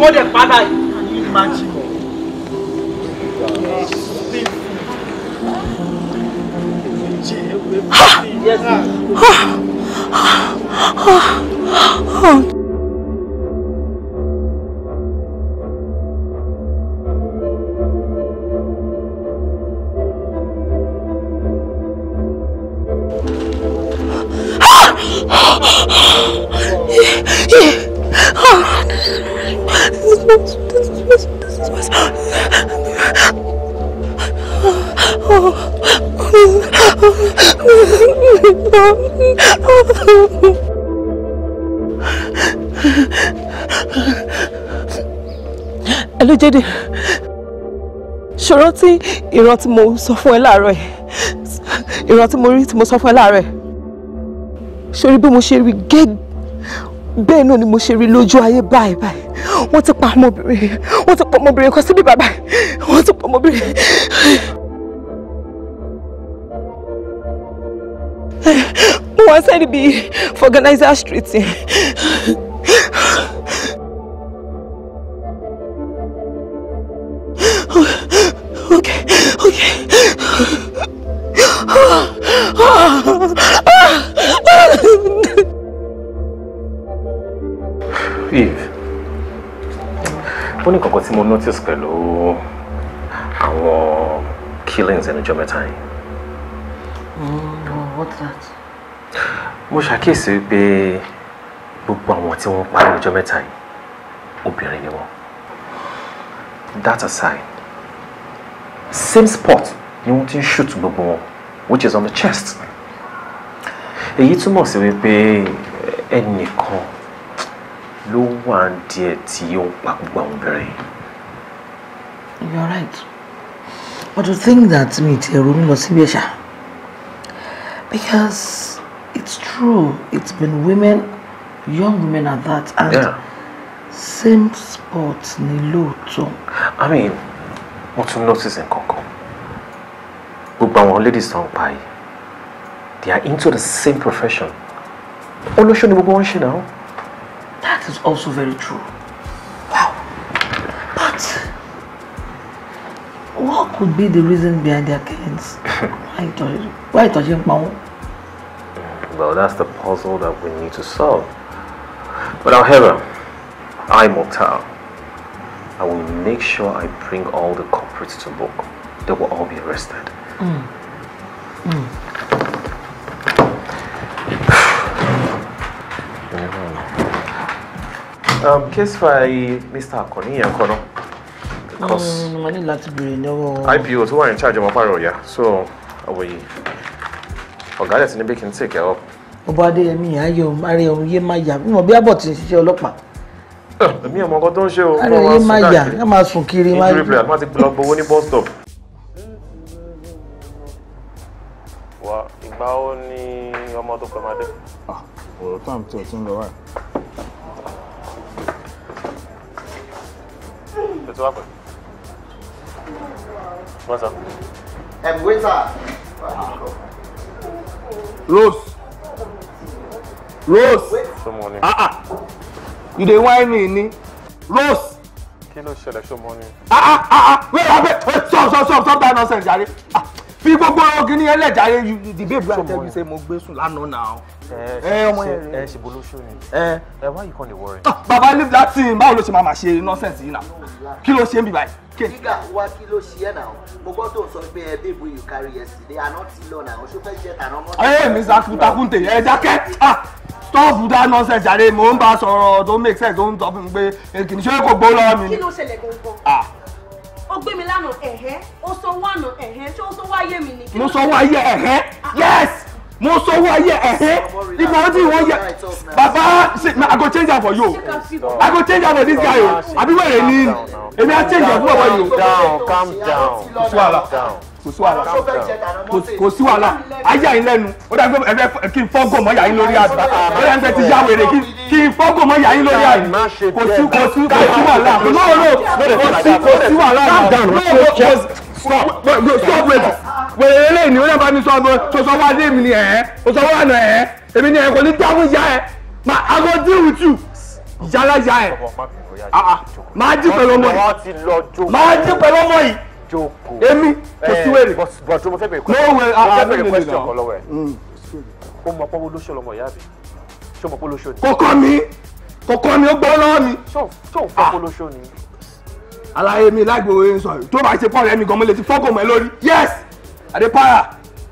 wọ́n dẹ̀ padà yìí. ṣòro tí ìran tí mo sọ fún ẹ láàárọ̀ ẹ̀ ìran tí mo rí tí mo sọ fún ẹ láàárọ̀ ẹ̀ ṣorí bí mo ṣe rí gẹ́gẹ́ bẹ́ẹ̀ náà ni mo ṣe rí lójú ayé báyìí báyìí wọ́n ti pa ọmọbìnrin wọ́n ti pa ọmọbìnrin kan síbí bàbá wọ́n ti pa ọmọbìnrin. mo wá sẹ́ni bíi fọ̀gánáísà street yẹn notice pẹ̀lú àwọn killings ẹnujọ́ mẹ́ta yìí. Mm, what's that? mo ṣàkíyèsí pé gbogbo àwọn tí wọ́n pa ẹnujọ́ mẹ́ta yìí obìnrin ni wọ́n. that aside same spot ni wọ́n ti ń shoot gbogbo wọn which is on the chest. èyí túmọ̀ sí wípé ẹnìkan ló wà ń díẹ̀ tí ó pa gbogbo àwọn obìnrin yìí you are right but to think that mi ti ẹ̀rọ mi lọ because it's true it's been women young women at that and yeah. same sport ni too. I mean what you notice in kan gbogbo àwọn ladies don't pa they are into the same profession olóṣèlú gbogbo wọn ṣe náà. that is also very true. What could be the reason behind their killings? why touch why touching Pao? Well, that's the puzzle that we need to solve. But however, I, am Mokhtar, I will make sure I bring all the culprits to book. They will all be arrested. Mm. Mm. Um, case by Mr. Akoni Yakono. because mm, mo ní láti béèrè lọ́wọ́. ipo tó wà ní charge ọmọ pàrọ̀ ọ̀yà so òwòye ọ̀gá rẹ̀ ti ní bí kí n take care of. ọba adéyẹmí ayé ohun arẹ ohun yé máa yà bí mo bí abọ ti ń ṣiṣẹ́ ọlọ́pàá. èmi ọmọ kan tó ń ṣe o. arẹ yé máa yà ẹ máa sùn kiri. injury player má ti lọ gbowó ní bus stop. wa ìgbà wo ni ọmọ tó pẹ́ máa dé. Ah, ọ̀rọ̀ táwọn tí o ti ń lọ wáyé. ètò àpẹẹrẹ. What's up? Um, waiter. Ah. Rose. Rose. Ṣọmọni. Ah ah. You dey whine me ni. Rose. Kí ló ṣẹlẹ̀ money. Ah ah ah ah. Wait wait wait stop stop stop stop that nonsense jare. Ah fi gbogbo ogin ni ẹlẹ́jàre you the babe wey I tell you say mo gbé sùn lánàá now ẹ eh, ọmọ yẹn ẹ ṣe bolo ṣó ni ẹ eh. eh, why you come dey worry. Ah, baba leave that thing báwo ló ṣe máa ma ṣe nonsense yìí na kí ló ṣe ń bì báyìí gíga wá kí ló ṣe ẹ̀ náà mo gbọ́ tó ń sọ pé ẹbí ìbò yìí kárí ẹ̀sìn dé àná ti lọ náà ṣó fẹ́ jẹ́ tàná mọ́. ẹ mi takuntakun tè ẹ jákẹ́ stọ́ọ̀fù dá nọ́ọ̀sẹ̀ jàre mò ń bá sọ̀rọ̀ tó make sense tó ń sọ fún mi pé eh, kì í ṣe kò gbó lọ́wọ́ mi. kí ló ṣẹlẹ̀ gangan ah. ó gbé mi lánàá ẹ̀hẹ́ ó sanwó àná ẹ̀hẹ́ ṣé ó sanwó ayé mi ni. mo sanwó ayé ẹ̀hẹ́ ah. yes mo sọ owó If ẹ̀hẹ́ ìgbà tí wọ́n yẹ bàbá i go change am for you i go change am for this guy o àbí wẹ̀rẹ̀ ni èmi á change am fún ọ̀wọ́ you? o. calm down calm down kò sí wàhálà kò sí wàhálà ayé àyín lẹ́nu ó dàbí pé ẹ̀fẹ́ kí n fọ́gò mọ́ yàyín lórí àdùn ó dàbí pé ti yá wèrè kí n fọ́gò mọ́ yàyín lórí àdùn kò sí kò sí kò sí wàhálà no no kò sí kò sí wàhálà no no stop wait wẹ̀rẹ̀ eléyìí ni ó náà bá mi sọ ọmọ sọsọ wá dé mi ni ẹ̀ sọsọ wá nà ẹ̀ èmi ni ẹ̀ kò ní dáhùn ìyá ẹ̀ ma I go deal with you yálà ìyá ẹ̀ ah, ah. máa jí pẹ̀lú ọmọ yìí máa jí pẹ̀lú ọmọ yìí èmi kò sí eh, wèrè no way ah, mm. ó mọ pọ́wọ́ lóṣù lọmọ ìyá mi ṣé o mọ̀ pé lóṣù ni. kọ̀kọ́ mi kọ̀kọ́ mi ó gbọ́ lọ́wọ́ mi. tó ń fọ́kọ́ lóṣù ni. àlàyé mi lágbèrè sọ̀rọ̀ tó bá ṣe pọ́ọ̀rọ̀ ẹ̀mí gan mo lè ti fọ́kọ̀ mọ́ ẹ lórí. yes. Adépáyà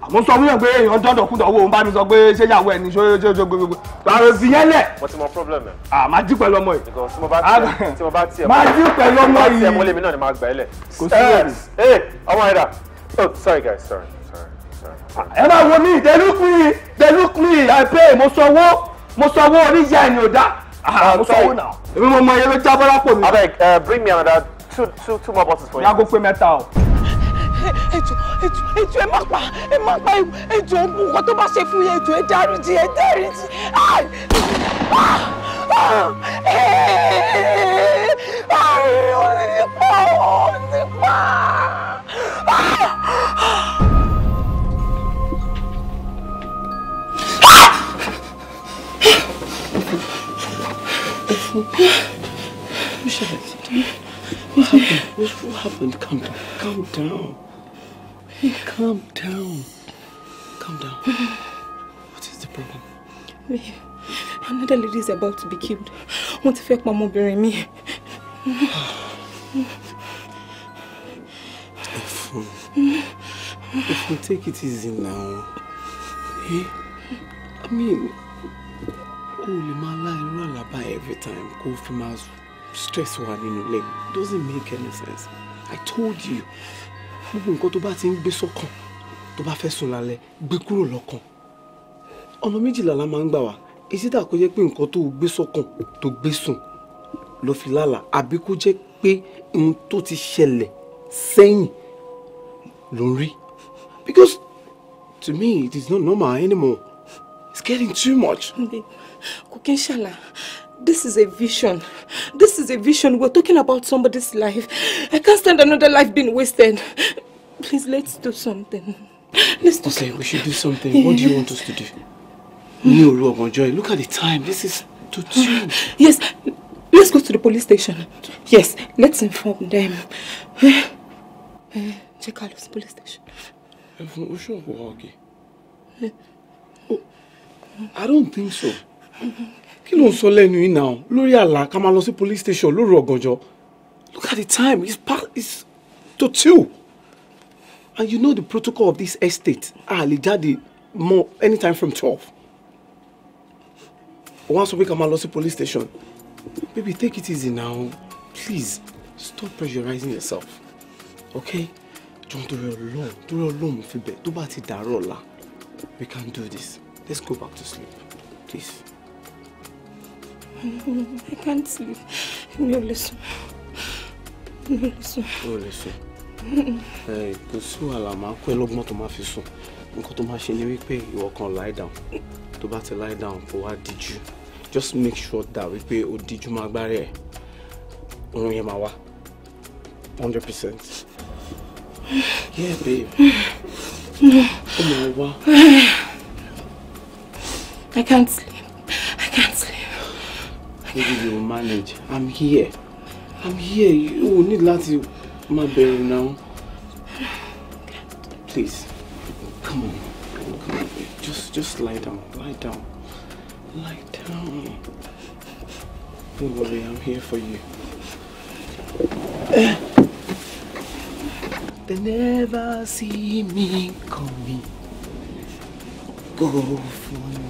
àmọ́ sọ wíyàn pé èèyàn dọ́dọ̀ kú dọ̀wọ́ òun bá mi sọ pé ṣé ìyàwó ẹni ṣó ṣó ṣó gbogbo àrò sí yẹn lẹ̀. mo ti mọ problem ẹ. à máa jí pẹ̀lú ọmọ yìí. tí mo bá tiẹ̀ ah, tí mo bá tiẹ̀ máa jí pẹ̀lú ọmọ yìí. mo bá tiẹ̀ mo lè mi náà ni máa gbà ẹ́ lẹ̀. kò sí wẹ̀rì. ee ọmọ ẹ̀dá oh sorry guys sorry sorry ẹ máa wo mi they look me they look me i pay mo sanwó mo sanwó oníjà ẹni ò dá. Ah, mo sanwó náà. èmi mo mọ iye uh, bring me another two two more bottles for you. yàgò pé mẹ́ta o ẹjọ ẹjọ ẹjọ ẹ má pa ẹ má pa ẹjọ nǹkan tó bá ṣe fún yẹn ẹjọ ẹ dáríjì ẹ dáríjì onípa onípa. What happened? What happened? Calm down. Calm down. Calm down. Calm down. What is the problem? Me, Another lady is about to be killed. Wọ́n ti fẹ́ pa ọmọbìnrin mi. If we take it easy now. Eh? I mean, o my life, lá irú àlàbá every time Go from máa stress one nínú ilé. It doesn't make any sense. I told you gbogbo nǹkan tó bá ti ń gbé sọ́kàn tó bá fẹ́ sùn lálẹ́ gbé kúrò lọ́kàn ọ̀nà méjìlá la máa ń gbà wá èsì tà kó jẹ́ pé nǹkan tó gbé sọ́kàn tó gbé sùn ló fi lálàá àbí kó jẹ́ pé ohun tó ti ṣẹlẹ̀ sẹ́yìn ló ń rí because to me it is not normal anymore it's getting too much. kò kí n ṣàlà This is a vision. This is a vision. We're talking about somebody's life. I can't stand another life being wasted. Please, let's do something. Let's do okay, we should do something. Yes. What do you want us to do? New Rob, joy. Look at the time. This is to two. Yes, let's go to the police station. Yes, let's inform them. Check eh, eh, Carlos police station. Eh, I don't think so. Mm-hmm. kí ló ń sọ lẹ́nu yìí náà lórí àlá ká máa lọ sí police station lóru ọ̀gànjọ́ look at the time it's past it's to two and you know the protocol of this estate a lè jáde mọ́ anytime from twelve once a week ká máa lọ sí police station baby take it easy now please stop pressurizing yourself okay jọ̀ọ́ torí Ọlọ́run torí Ọlọ́run mo fi bẹ̀ tó bá ti dàárọ̀ ọ̀la we can do this let's go back to sleep please. I can't sleep. Mi Listen. lè sùn. Mi ò lè sùn. Mi ò lè sùn. Eh, kò sí wàhálà máa kọ́ ẹ lọ́gbọ́n tó máa fi lie down. To bá lie down For what did you? Just make sure that we pay díjú did you ẹ̀. Oorun yẹn máa wá. hundred percent. Yeah, babe. No. Come on, wá. I can't sleep. I can't sleep. Maybe you will manage. I'm here. I'm here. You will need láti my baby now. Please, come on. Come on. Just, just lie down. Lie down. Lie down. Don't worry, I'm here for you. They never see me coming. Go for me.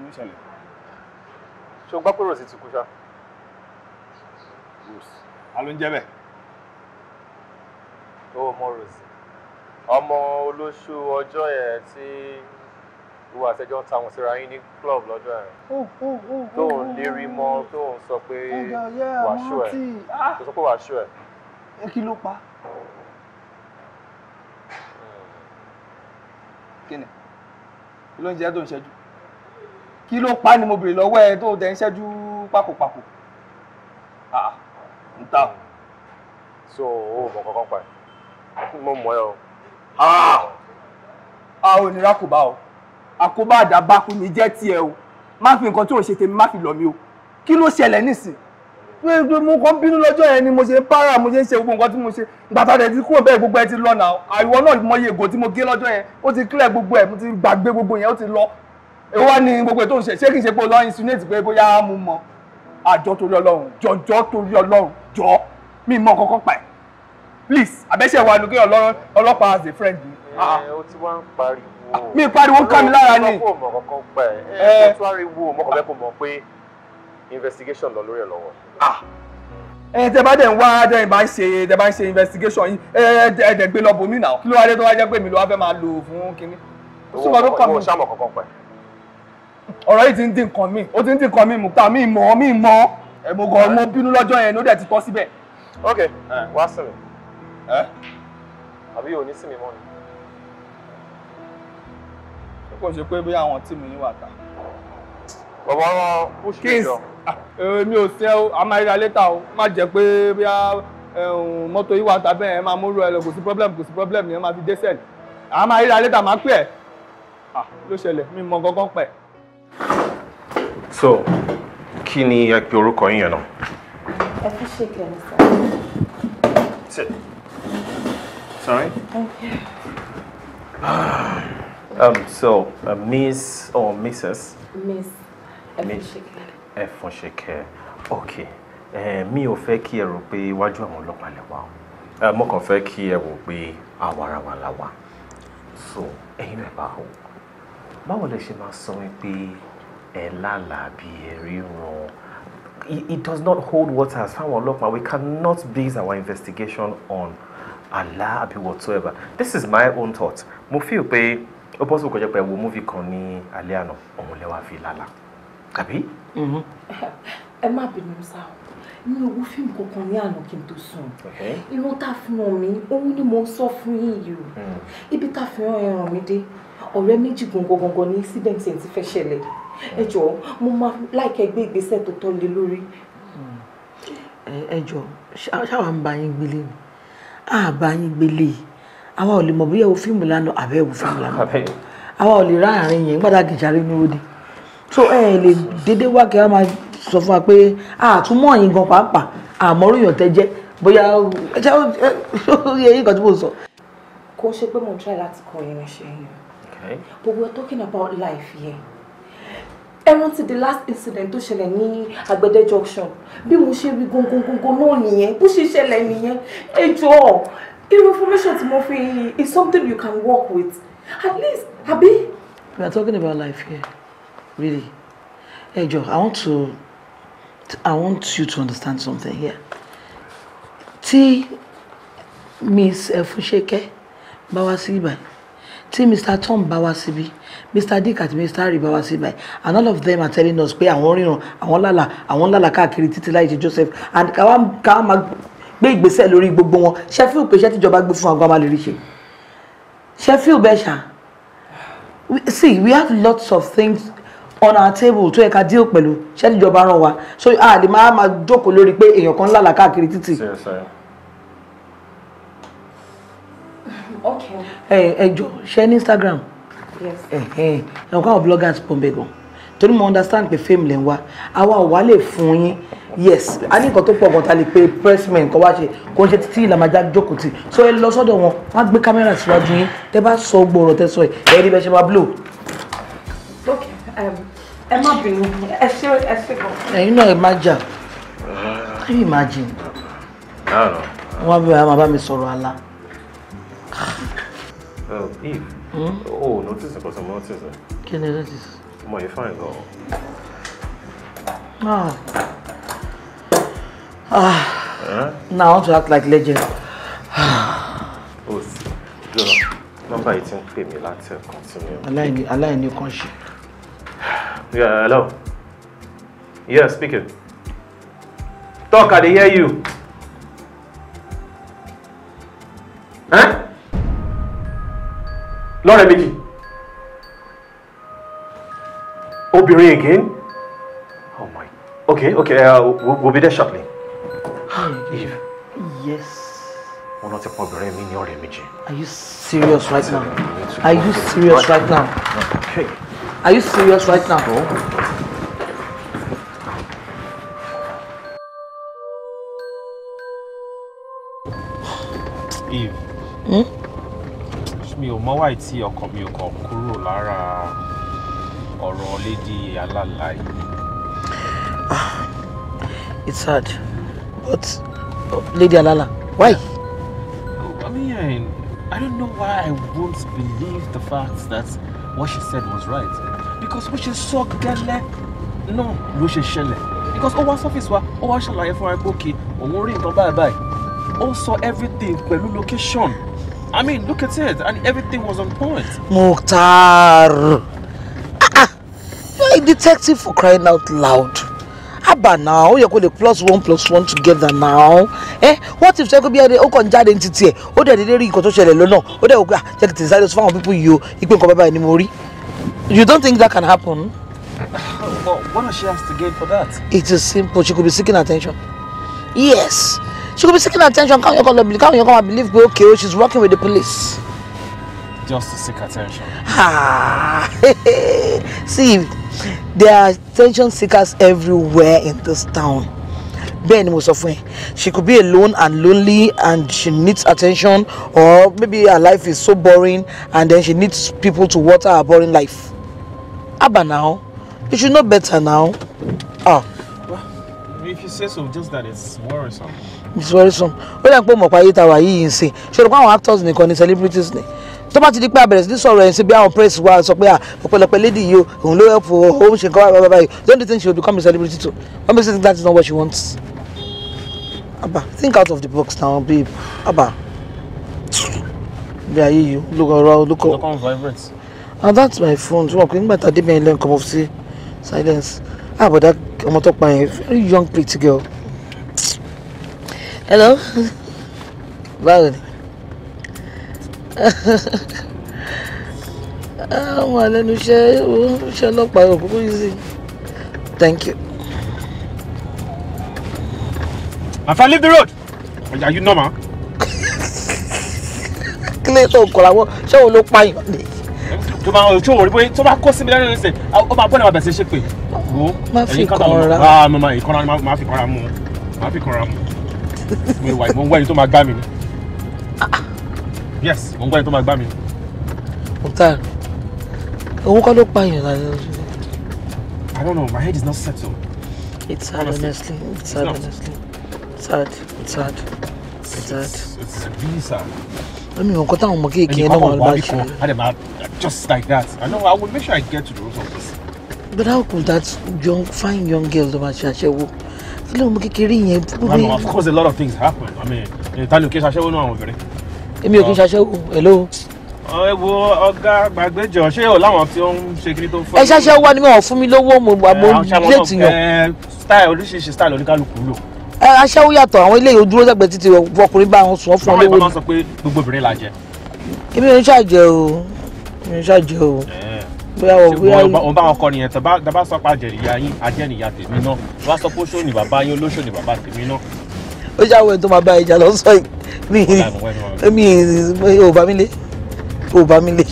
ń ṣẹlẹ̀. ṣé o gbọ́ pé rose ti kú ṣá. rose a ló ń mọ rose ọmọ olóṣù ọjọ́ yẹn tí ìwọ àtẹjọ́ ń tàwọn síra yín ní club lọ́jọ́ yẹn tó ń lérí mọ́ tó ń sọ pé wàṣù ẹ̀ tó sọ pé wàṣù ẹ̀. ẹ kí ló pa. Hmm. kí ni kí ló tó ń ṣẹ́jú kí ló pa ni mo bèrè lọ́wọ́ ẹ tó dẹ̀ ń ṣẹ́jú pákòpákò. n ah, ah, ta so o mọ kankan pa ẹ mo mọ ẹ o. Ah! a ò nira kò bá o àkóbá àdàbà kò ní jẹ́ tiẹ̀ o má fi nǹkan tí ò ń ṣe tèmi má fi lọ mi o kí ló ṣẹlẹ̀ nísìn mo kàn bínú lọ́jọ́ yẹn ni mo ṣe ń para mo ṣe ń ṣe gbogbo nǹkan tí mo ṣe gbàtà rẹ̀ ti kúrò bẹ́ẹ̀ gbogbo ẹ ti lọ náà àìwọ náà mọ iye ègò tí mo gé lọ́jọ́ yẹn ó ti kílẹ̀ gbogbo ẹ̀ mo ti gbàgbé gbogbo yẹn ó ti lọ èwo wá ní gbogbo ètò ìṣe ṣé kì í ṣe pé olóyún insinuate pé bóyá mo mọ àjọ torí ọlọ́run jọjọ́ torí ọlọ́run jọ mi mọ kọ́kọ́ pa ẹ̀ please àbẹ́ṣẹ̀ wa lókè ọlọ́pàá as a friend mi. ẹ ah. o ti wá ń pariwo. mi pariwo ká mi lára ni. olóòwò mọ̀ kọ́kọ́ pẹ̀ ẹ ẹ tó ariwo mọ̀kànlẹ́ kò mọ̀ pé investigation lọ lórí ẹ̀ lọ́wọ́. Ah. ẹ tẹ bá dẹ̀ ń wá dẹ̀ bá ń ṣe dẹ̀ bá ń ṣe investigation yìí ẹ ẹ dẹ̀ gbé lọ bòmí náà kí ló wá dé tó wá jẹ́ pé mi ló wá fẹ́ máa lò fún kínní. owó mọ̀ kọ́kọ́ pẹ̀ ọ̀rọ̀ yìí ti ń dín nǹkan mi ó ti ń dín nǹkan mi mùtá mi mọ̀ mi mọ̀ mo kàn mo bínú lọ́jọ́ yẹn ló dẹ̀ ti tọ́ síbẹ̀. ok wá sí mi àbí òní sí mi mọ́ ni. ṣé kò ṣe pé bí àwọn tíìmù yín wà ta. bàbá wọn push me jọ. Ah, èmi ò sẹ́ o a máa ríra létà o má jẹ́ pé bí a mọ́tò yìí wà ta bẹ́ẹ̀ ẹ máa múrò ẹ lọ kò sí problem kò sí problem ni ẹ máa fi dé sẹ́ẹ̀lì a máa létà máa pẹ́ ẹ ah, ló ṣẹlẹ̀ mi mọ gángan pẹ́ ẹ so kí ni ẹ pe orúkọ yín yẹn náà. ẹ fi ṣe kẹrin sá. sorry. thank you. um, so uh, miss or mrs. miss ẹfúnṣekẹ. ẹfúnṣekẹ ok mi ò fẹ́ kí ẹ rò pé iwájú àwọn ọlọ́pàá lè wà o mo kàn fẹ́ kí ẹ wò pé àwarawa la wà so ẹ̀yin rẹ̀ bá o báwo lè ṣe máa sọ wípé ẹ lálàá bí it does not hold water as fáwọn ọlọ́pàá we cannot base our investigation on àlá àbí whatsoever this is my own thought mo feel pé ó bọ́ sókè jẹ́ pé wo múfì kan ní alẹ́ àná òun lẹ́wà fi lálàá àbí. Mm-hmm. ẹ má bínú sáà mi ò wo fíìmù kankan ní àná kí n tó sùn irun tá a fi hàn ni mo ń sọ fún yín mm. ibi tá a fi mi dé ọ̀rẹ́ méjì gangan gangan ní sídẹ̀ǹtì ẹ̀ ti fẹ́ ṣẹlẹ̀ ẹ jọ̀ọ́ mo máa láìkẹ́ gbé ìgbésẹ̀ tó tọ́ lé lórí. ẹ jọ̀ọ́ ṣáwa ń bá yín gbélé ni a bá yín gbélé àwa ò lè mọ̀ bóyá o fíìmù lánàá àbẹ́ ò fíìmù lánàá àwa ò lè rá àárín yẹn gbọ́dọ̀ gẹ̀járe ní òde so ẹ lè dédé wá kí a máa sọ fún wa pé àtúmọ̀ yín gan pàápàá àmọ́ ròyìn tẹ́ bóyá ẹ ṣe ó yẹ yín kan tí mo sọ. kò ń ṣe pé mo try láti kọ irin yẹn but we are talking about life here. Yeah ẹ rántí the last incident tó ṣẹlẹ̀ ní agbẹ́dẹ́ junction bí mo ṣe rí gongongongo náà nìyẹn bó ṣe ṣẹlẹ̀ nìyẹn ẹ jọ̀ọ́ irú information tí mo fi is something you can work with at least abi. we are talking about life here really ẹ jọ̀ọ́ i want to i want you to understand something here tí miss efunseke bá wá sí tí mr tom bá wá síbí mr dick àti mr harry bá wá síbí and all of them are telling us pé àwọn ríran àwọn lálà àwọn lálà káàkiri títí láì ṣe joseph and káwá káwá máa gbé ìgbésẹ̀ lórí gbogbo wọn ṣe fíìl pé iṣẹ́ tíjọba gbé fún àgbà lè rí ṣe ṣe fíìl see we have lots of things on our table tó yẹ ká deal pẹ̀lú ṣe tíjọba ràn wá so a lè máa máa jókòó lórí pé èèyàn kan lálà káàkiri títì. okay ẹjọ ṣe ní Instagram ẹ̀hún káwọn bloggers pọ̀ ń bẹ̀ gan torí mo understand pé fame lè ń wá àwa ò wá lè fún yín yes a ní nǹkan tó pọ̀ gan ta lè pe pressman kọ́ wá ṣe kò ń ṣe títí ìlàmájá jókòó so ẹ lọ sọ́dọ̀ wọn wọ́n á gbé kámẹ́rà síwájú yín tẹ́ bá sọ gbòòrò tẹ́ sọ ẹ̀ ẹ̀ rí bẹ́ẹ̀ ṣe máa blow. ok um, ẹ má bínú ẹ ṣe ẹ ṣe gan. ẹ̀yin náà ẹ má jà can you imagine. Ah, wọ́n á bẹ̀rẹ̀ máa bá mi sọ̀rọ̀ àlá. Um, Eve. Hmm? Oh, notice because some eh? notice. Can I notice? My fine girl. Ah. Ah. Huh? Now I want to act like legend. oh, Jonah, number 18 pay me láti continue. Aláìní, aláìní kan ṣe. Yeah, hello. Yeah, speaking. Talk, I hear you. Huh? Lord méjì obìnrin again oh my okay okay uh, we'll, we'll be there shortly Eve yes wọn not ti pọn obìnrin mi ní ọ̀rẹ́ are you serious right now are you serious right now Okay. are you serious right now. Eve. Hmm? mi ò mọ́wá ìtì ọkọ mi ò kàn kúrò lára ọ̀rọ̀ lédi alálà yìí. Ah, it's hard but oh, lady alala why. Yeah. I mean I don't know why I won't believe the fact that what she said was right because what she saw gẹ́lẹ́ náà ló ṣe ṣẹlẹ̀ because ó wá sọ́fíìsì wa ó wá ṣàlàyé fún wa pé òkè òun rí nǹkan báyìí báyìí ó sọ everything pẹ̀lú location. I mean, look at it, and everything was on point. Mukhtar! Ah, ah. You're a detective for crying out loud. Abba now, going to plus one plus one together now. Eh? What if ṣé could be a ó kàn jáde ní títí ẹ̀? Ó dẹ̀ dédé rí nǹkan tó ṣẹlẹ̀ lọ́nà. Ó dẹ̀ wò pé ṣé kì í sáré sọ fáwọn pípọ̀ You don't think that can happen? Well, what does she have to gain for that? It is simple. She could be seeking attention. Yes she could be seeking attention káwọn yẹn kọ́ lọ bìlì káwọn yẹn believe pé okay oh she's working with the police. just to seek attention. Ah, see there are attention seekers everywhere in this town. Ben ni mo she could be alone and lonely and she needs attention or maybe her life is so boring and then she needs people to water her boring life. Abba now you should know better now. Ah. Well, if you say so just that it's worrisome it's very soon. ó lẹ́yìn pé mọ̀pá yìí ta wà yìí ń ṣe ṣòro pé àwọn actors nìkan ni celebrities ni tó bá ti di pé abẹ̀rẹ̀ sí sọ̀rọ̀ ẹ̀ ń ṣe bí àwọn press wa sọ pé ọ̀pọ̀lọpọ̀ lady yìí òun ló help òun ṣe nǹkan wà bàbá yìí don't you think she will become a celebrity too wọ́n bẹ́ẹ̀ sẹ́yìn that is not what she wants. abba think out of the box now babe abba bí ayé yìí lóko ọ̀rọ̀ lóko. lóko on vibrate. and that's my phone tí wọn kò nígbà tá a dé bẹ́ẹ̀ lẹ́nu come off sí silence that? Ah, ọmọ tó pa yẹn very young pretty girl hello báwo ni ah, àwọn àlẹnu iṣẹ́ iṣẹ́ ọlọ́pàá yóò kúkú yìí sí thank you. my friend leave the road are you normal? màá. kí call tó kọ̀ọ̀lá wọ́n ṣé òun Tomorrow, pààyàn ni. tó máa tó wò rí bóyá tó bá kó sí mi lẹ́nu nísìnyí ó máa gbọ́dọ̀ máa bẹ̀rẹ̀ sí ṣépè. má fi kàn mi wà mo ń wá tó máa gbá mi ni yes mo ń wá tó máa gbá mi ni. Mukhtar owó kọ́ ló pààyàn lálẹ́ ojú. I don't know my head is not settled. It's sad honestly, honestly. it's sad honestly it's sad it's sad it's sad. It's really sad. Èmi ò nǹkan táwọn ọmọ kéèké náà wà lọ́wọ́ ṣe. And you come just like that. I know I will make sure I get to the root of this. But how could that young fine young girl do ma ṣe àṣẹwó? kí ló mú kékeré yẹn. of course a lot of things happen i mean ta ni o kì í ṣaṣẹ́wó náà àwọn obìnrin. èmi ò kì í uh, ṣaṣẹ́wó hello. Uh, ẹ wo ọ̀gá gbàgbéjọ ṣé o láwọn tí ó ń ṣe kiri tó ń fọ. ẹ ṣaṣẹ́ wá ni wọn ò fún mi lówó mo mo eh, léètì yàn. Eh, style oríṣiríṣi style oníkálukú lò eh, aṣẹ́wó yàtọ̀ àwọn ilé ìdúró sẹ́gbẹ̀ títí ọkùnrin bá wọn sùn fún ọ lówó. sọ́mọ́ ìbámu sọ pé gbogbo obìnrin la jẹ. èmi wọn bá ọkọ nìyẹn tẹ bá sọ pé àjẹnìyà yín àjẹnìyà tèmi náà wọn sọ pé oṣó ni bàbá yín olóṣó ni bàbá tèmi náà. ó ṣàwọn ètò màbá ìjà lọ sọ yìí mi ò bá mi lé ò bá mi lé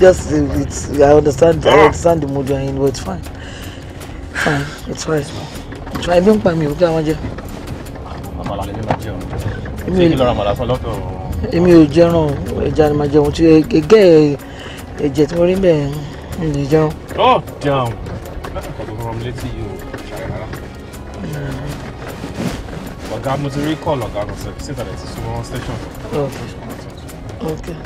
just uh, it's, I understand I ah. understand the mood you're in but it's fine fine it's fine it's fine ebi ń pa mi ò kí àwọn jẹ. àmàlà lè ní ma jẹun ṣé kí lọ́ọ́ àmàlà sọ lọ́tọ̀. èmi ò jẹran ẹja ni ma jẹun tí gẹ́gẹ́ ẹ̀jẹ̀ tí mo rí bẹ́ẹ̀ ń lè jẹun. up down ọ̀dọ̀ fọlọ́ mi létí yìí o ṣàyẹ̀rá. ọ̀gá mo ti rí kọ́ọ̀lù ọ̀gá kan sẹ́ẹ̀ sí ìtàlẹ̀ ti súnmọ́ station. okay. Okay.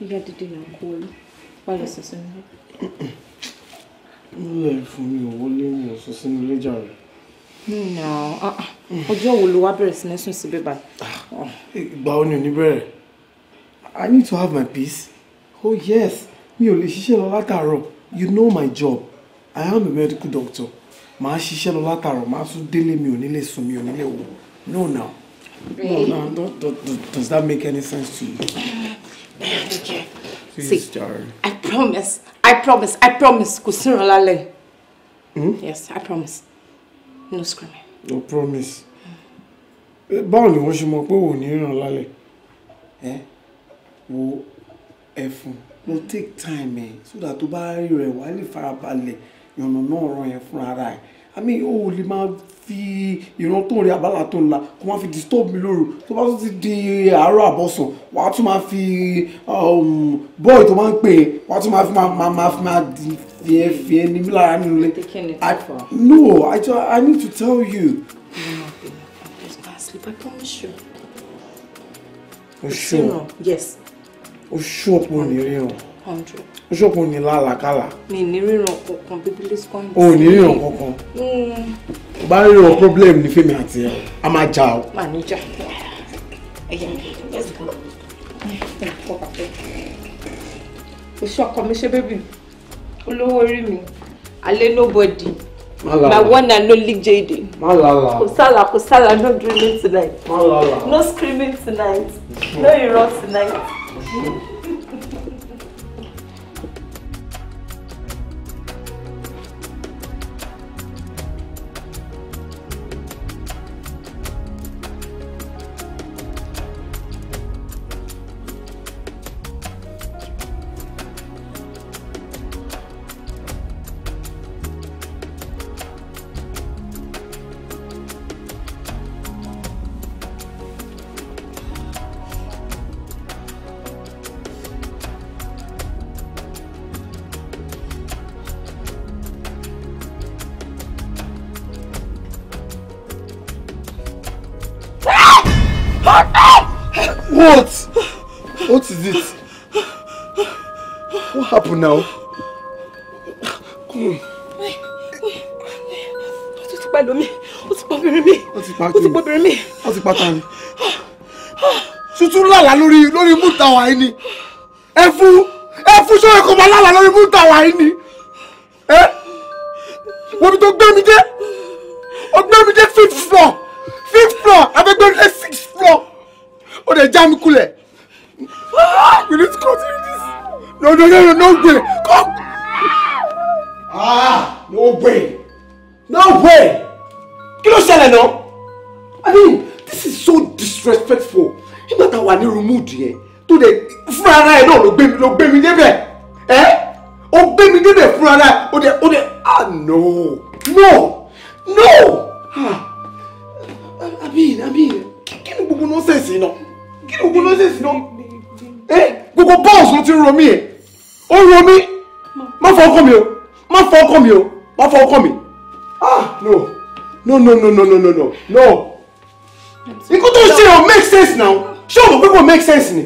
You had to do your goal. What is this in Lẹ fún mi owó léyìn ọ̀sán sínú ilé jàre. Uh-uh. Ọjọ́ wo ló wá bẹ̀rẹ̀ sí ní sùn síbí báyìí? Ah, ìgbà wo ní bẹ̀rẹ̀? I need to have my peace. Oh yes, mi ò lè ṣiṣẹ́ lọ látàárọ̀. You know my job. I am a medical doctor. Màá ṣiṣẹ́ lọ látàárọ̀, màá tún délé mi ò nílé sùn mi ò nílé wò. No now. No now, does that make any sense to you? Please, See, darling. I promise. I promise. I promise. Kò sí ìrànlá hmm? Yes, I promise. No screaming. No promise. Eh, báwo ni wọ́n ṣe mọ̀ pé wò ní ìràn lálẹ́? Eh, Ẹ No take time ẹ̀ eh, so that tó bá rí rẹ̀ wá lè farabalẹ̀ know náà ràn yẹn fúnra rẹ̀ àmì ò lè máa fi ìran tó ń rí àbálà tó ń la kó máa fi disturb mi lóru tó bá tún ti di àárọ̀ àbọ̀sán wàá tún máa fi um, bọ́ọ̀lù tó máa ń pè é wàá tún máa fi máa máa fi máa di fi ẹ fi ẹ níbi lára nínú no I, I need to tell you. I promise you. Sure. Yes. Oṣù ọ̀pọ̀ nìrí o. Hundred ṣọ́pù ní lálàkàlà. mi ní ríran kankan bíbélì sọ́ńdì. o ní ríran kankan. Hmm. bá ríran problem ní fèmí àti ẹ a máa jà o. màá ní jà ẹyẹ let's go oṣù ọkọ mi ṣe bébì olówó orí mi alẹ́ nobody my one and only jade kò sálà kò sálà no drilling tonight no screaming tonight no irọ́ tonight. What? What is it? What happened now? Come on. Ó ti pa ẹlòmí. Ó ti pa obìnrin mi. Ó ti pa kí ni? Ó ti pa obìnrin mi. Ó ti pa ta ni? Tuntun lálàá lórí me. múta wà yìí ni. Ẹ fún ẹ fún sọ́yìn kò máa me. lórí múta about me ni. Ẹ wọ́n mi tó gbé mi dé. Ó gbé mi dé fifth floor fifth floor abẹ́gbẹ́ sixth floor ó dẹ̀ jam mi kulẹ̀ we need to continue this no no no no no gbè Come. ah no way no way kí ló ṣẹlẹ̀ náà i mean this is so disrespectful You know that wà ní remood yẹn tó dẹ̀ fúnra ara ẹ̀ náà ló gbé mi ló gbé mi débẹ̀ ẹ́ ó gbé mi débẹ̀ fúnra ara ẹ̀ ó dẹ̀ ah no no no ah i mean i mean kí ni no sense, you know? kí ni gbogbo nọ́ọ̀sì sí náà ẹ eh, gbogbo bọ́ọ̀sì ló ti ń ro mí ẹ ó ń ro mí má fọ ọkọ mi o má fọ ọkọ mi o má fọ ọkọ mi ah no no no no no no no no no nǹkan tó ń ṣe ọ make sense now ṣé o mọ̀ pé kò make sense ni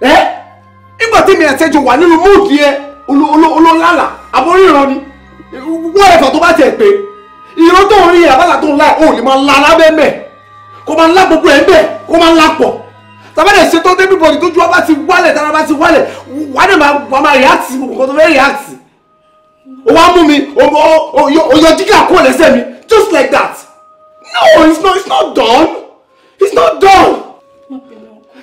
eh? ẹ ìgbà tí mi àtẹ́jọ wà nínú múùdì ẹ olólálà àbóríran ni wọ́n ẹ̀fọ́ tó bá tẹ̀ pé ìran tó ń rí àbálà tó ń la ò lè máa la lábẹ́ mẹ́ kó máa la gbogbo ẹ̀ mẹ́ kó máa la pọ̀ tabale ṣe tó débi bòdì tójú wa bá ti wálẹ̀ tára bá ti wálẹ̀ wà ní ma ma react gbogbo tó fẹ́ react o wa mú mi o yọ jígà kó lẹ́sẹ̀ mi just like that no it's not it's not done it's not done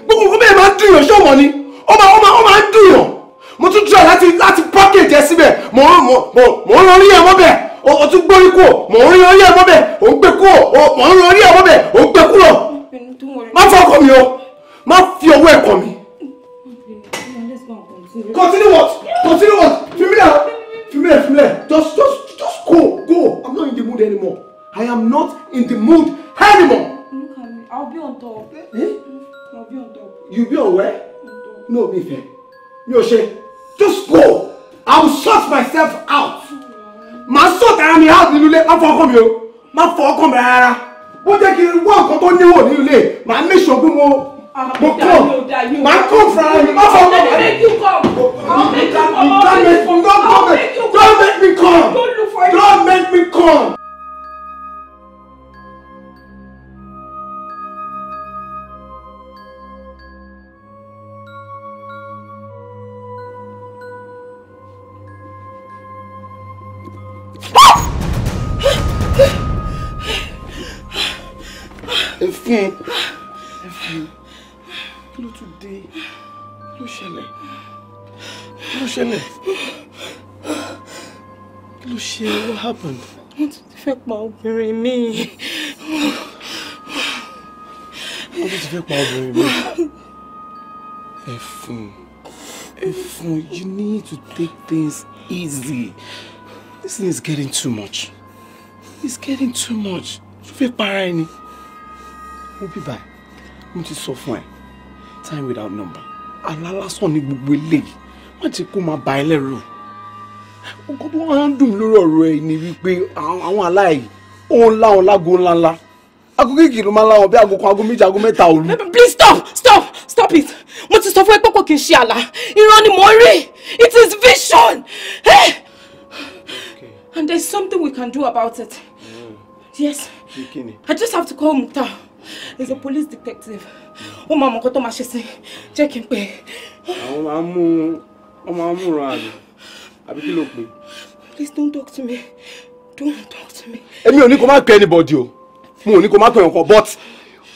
gbogbo gbogbo yẹn máa do dùn show money. ọmọ ni ó máa ó máa Do máa ń dùn yàn mo tún try láti láti package ẹ síbẹ̀ mo mo mo ń rọrí ẹ mọ́ bẹ́ẹ̀ o tún gbórí kú mo ń rọrí ẹ mọ́ bẹ́ẹ̀ o ń gbé kú o mo ń rọrí ẹ mọ́ bẹ́ẹ̀ o ń gbé kú lọ má mi o. Ma, fi ọwọ́ ẹ̀ kàn mí. continue what continue what fimile fimile fimile just just just go go i'm not in the mood anymore i am not in the mood anymore. i'll be on top. Eh? i'll be on top. you be on where? On no be fẹ́ mi ò just go i will sort myself out Ma sort ara mi out nínú ilé má fọ ọkọ mi o má fọ ọkọ mi rárá bó jẹ́ kí n wá nǹkan tó níwò nínú ilé màá make sure mo mo come ma come from my mouth of my head you can't make me come don't make me come don't make me come. Yeah. ṣẹlẹ̀? Kí ló ṣe what happened? Wọ́n tún ti fẹ́ pa obìnrin mi. Wọ́n tún ti fẹ́ pa obìnrin mi. Ẹ fún Ẹ fún you need to take things easy. This thing is getting too much. It's getting too much. Ṣé o fẹ́ para ẹni? Mo bí báyìí, mo ti sọ fún ẹ, time without number, alálásán ni gbogbo eléyìí má ti kó máa ba ẹlẹ́rù nǹkan tó máa ń dùn mí lórí ọ̀rọ̀ ẹ̀ ni wípé àwọn aláì òun láwọn lágo ńláńlá aago kéèkì ló máa láwọn bí aago kan aago méjì mẹ́ta òru. please stop stop stop it mo ti sọ fún ẹ pé kò kì í ṣe àlá irọ́ ni mo rí it is vision hey! and there is something we can do about it mm. yes i just have to call Muta he is a police detective ó máa mọ̀ nǹkan tó máa ṣe sí jẹ́ kí n pè é. àwọn máa ń mú un wọ́n máa ń múra àmì àbí kí ló please don't talk to me don't talk to me. èmi ò ní kó má pè anybody o mo ò ní kó má pè nǹkan but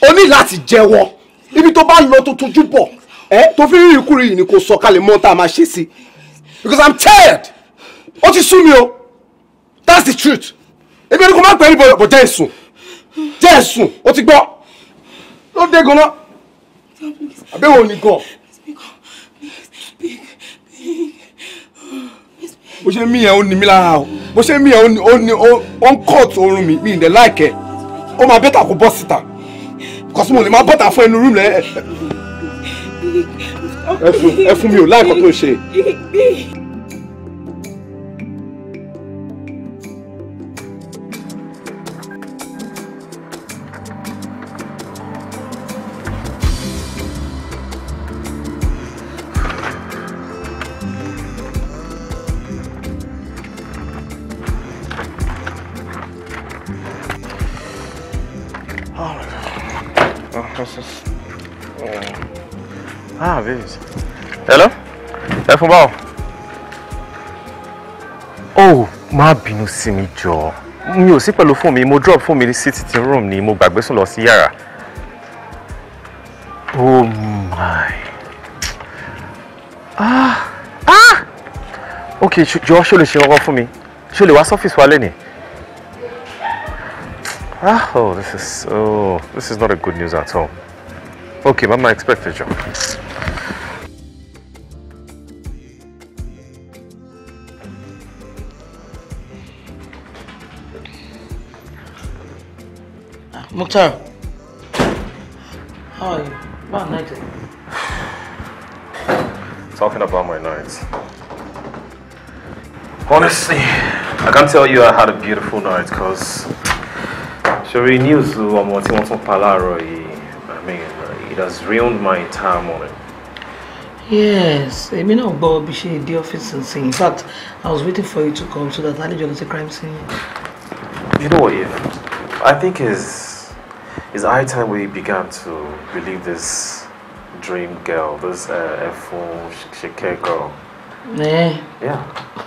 o ní láti jẹ́wọ́ ibi tó bá lọ tó tójú bọ̀ ẹ tó fi rí ìkúri yìí ni kò sọ kalẹ̀ mọ́ tá a máa ṣe because i'm tired ó ti sú mi o that's the truth èmi ò ní kó má pè anybody but jẹ́ ìsùn jẹ́ ìsùn ó ti gbọ́ ló dé gan-an àbẹ̀wò nìkan. Speak bó ṣe mí yẹn ó ní mí lára o bó ṣe mí yẹn ó ní ó ń kọ́ọ̀tù oorun mi mi ìdẹ̀ láìkẹ́ ó máa bẹ́tà kó bọ́ síta kọ́sí mo lè máa bọ́tà fún ẹnu rúùmù ẹ fún mi ò láìkọ́ tó ṣe. sùn báwo. ó oh, má bínú sí mi jọ mi ò sí pẹ̀lú fóònù mi mo drop fóònù mi sí sitting room ni mo gbàgbé sùn lo sí yàrá. oh my. ah ah Okay, jọ ṣó lè ṣe kankan fún mi ṣó lè wá sọ́fíìsì wa lẹ́nìí. Ah, oh, this is oh, this is not a good news at all. Okay, Mama expected you. Mukhtar. How are you? Bad night. Talking about my nights. Honestly, I can't tell you I had a beautiful night because Sherry news on what wants on Palaro. I mean, it has ruined my entire morning. Yes, I mean, I'll go to the office and see. In fact, I was waiting for you to come so that I didn't the crime scene. You know what, yeah? I think is it's high time we began to believe this dream girl, this uh, Efun Sheke girl. Eh? Yeah.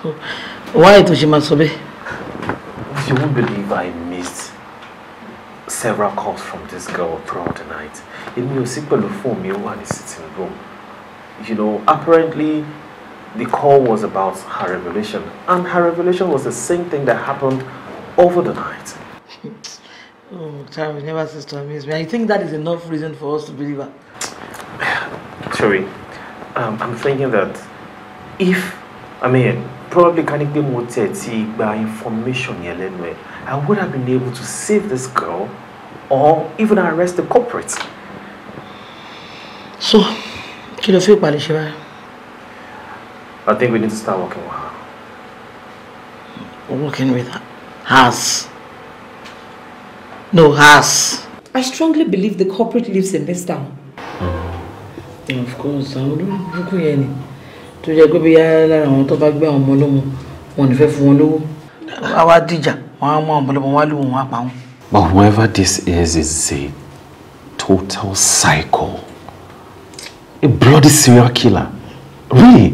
Why must Shimasobe? You won't believe I missed several calls from this girl throughout the night. Èmi ò simple pẹ̀lú phone one is sitting room. You know, apparently the call was about her revelation, and her revelation was the same thing that happened over the night. Oh, child, never cease to me. I think that is enough reason for us to believe her. Sorry, um, I'm thinking that if, I mean, probably be Moteti by information anyway, I would have been able to save this girl or even arrest the culprit. So, can ló feel I think we need to start working with her. Working with her? Has. No, hers. I strongly believe the corporate lives in this town. Mm. Of course, I don't yẹn ni tó jẹ́ pé bíyá lára àwọn tó bá gbé àwọn ọmọ lọ́mọ wọn ò ní fẹ́ fún wọn lówó. Àwa dìjà, wọ́n á mú àwọn But whoever this is is a total psycho. A bloody serial killer. Really?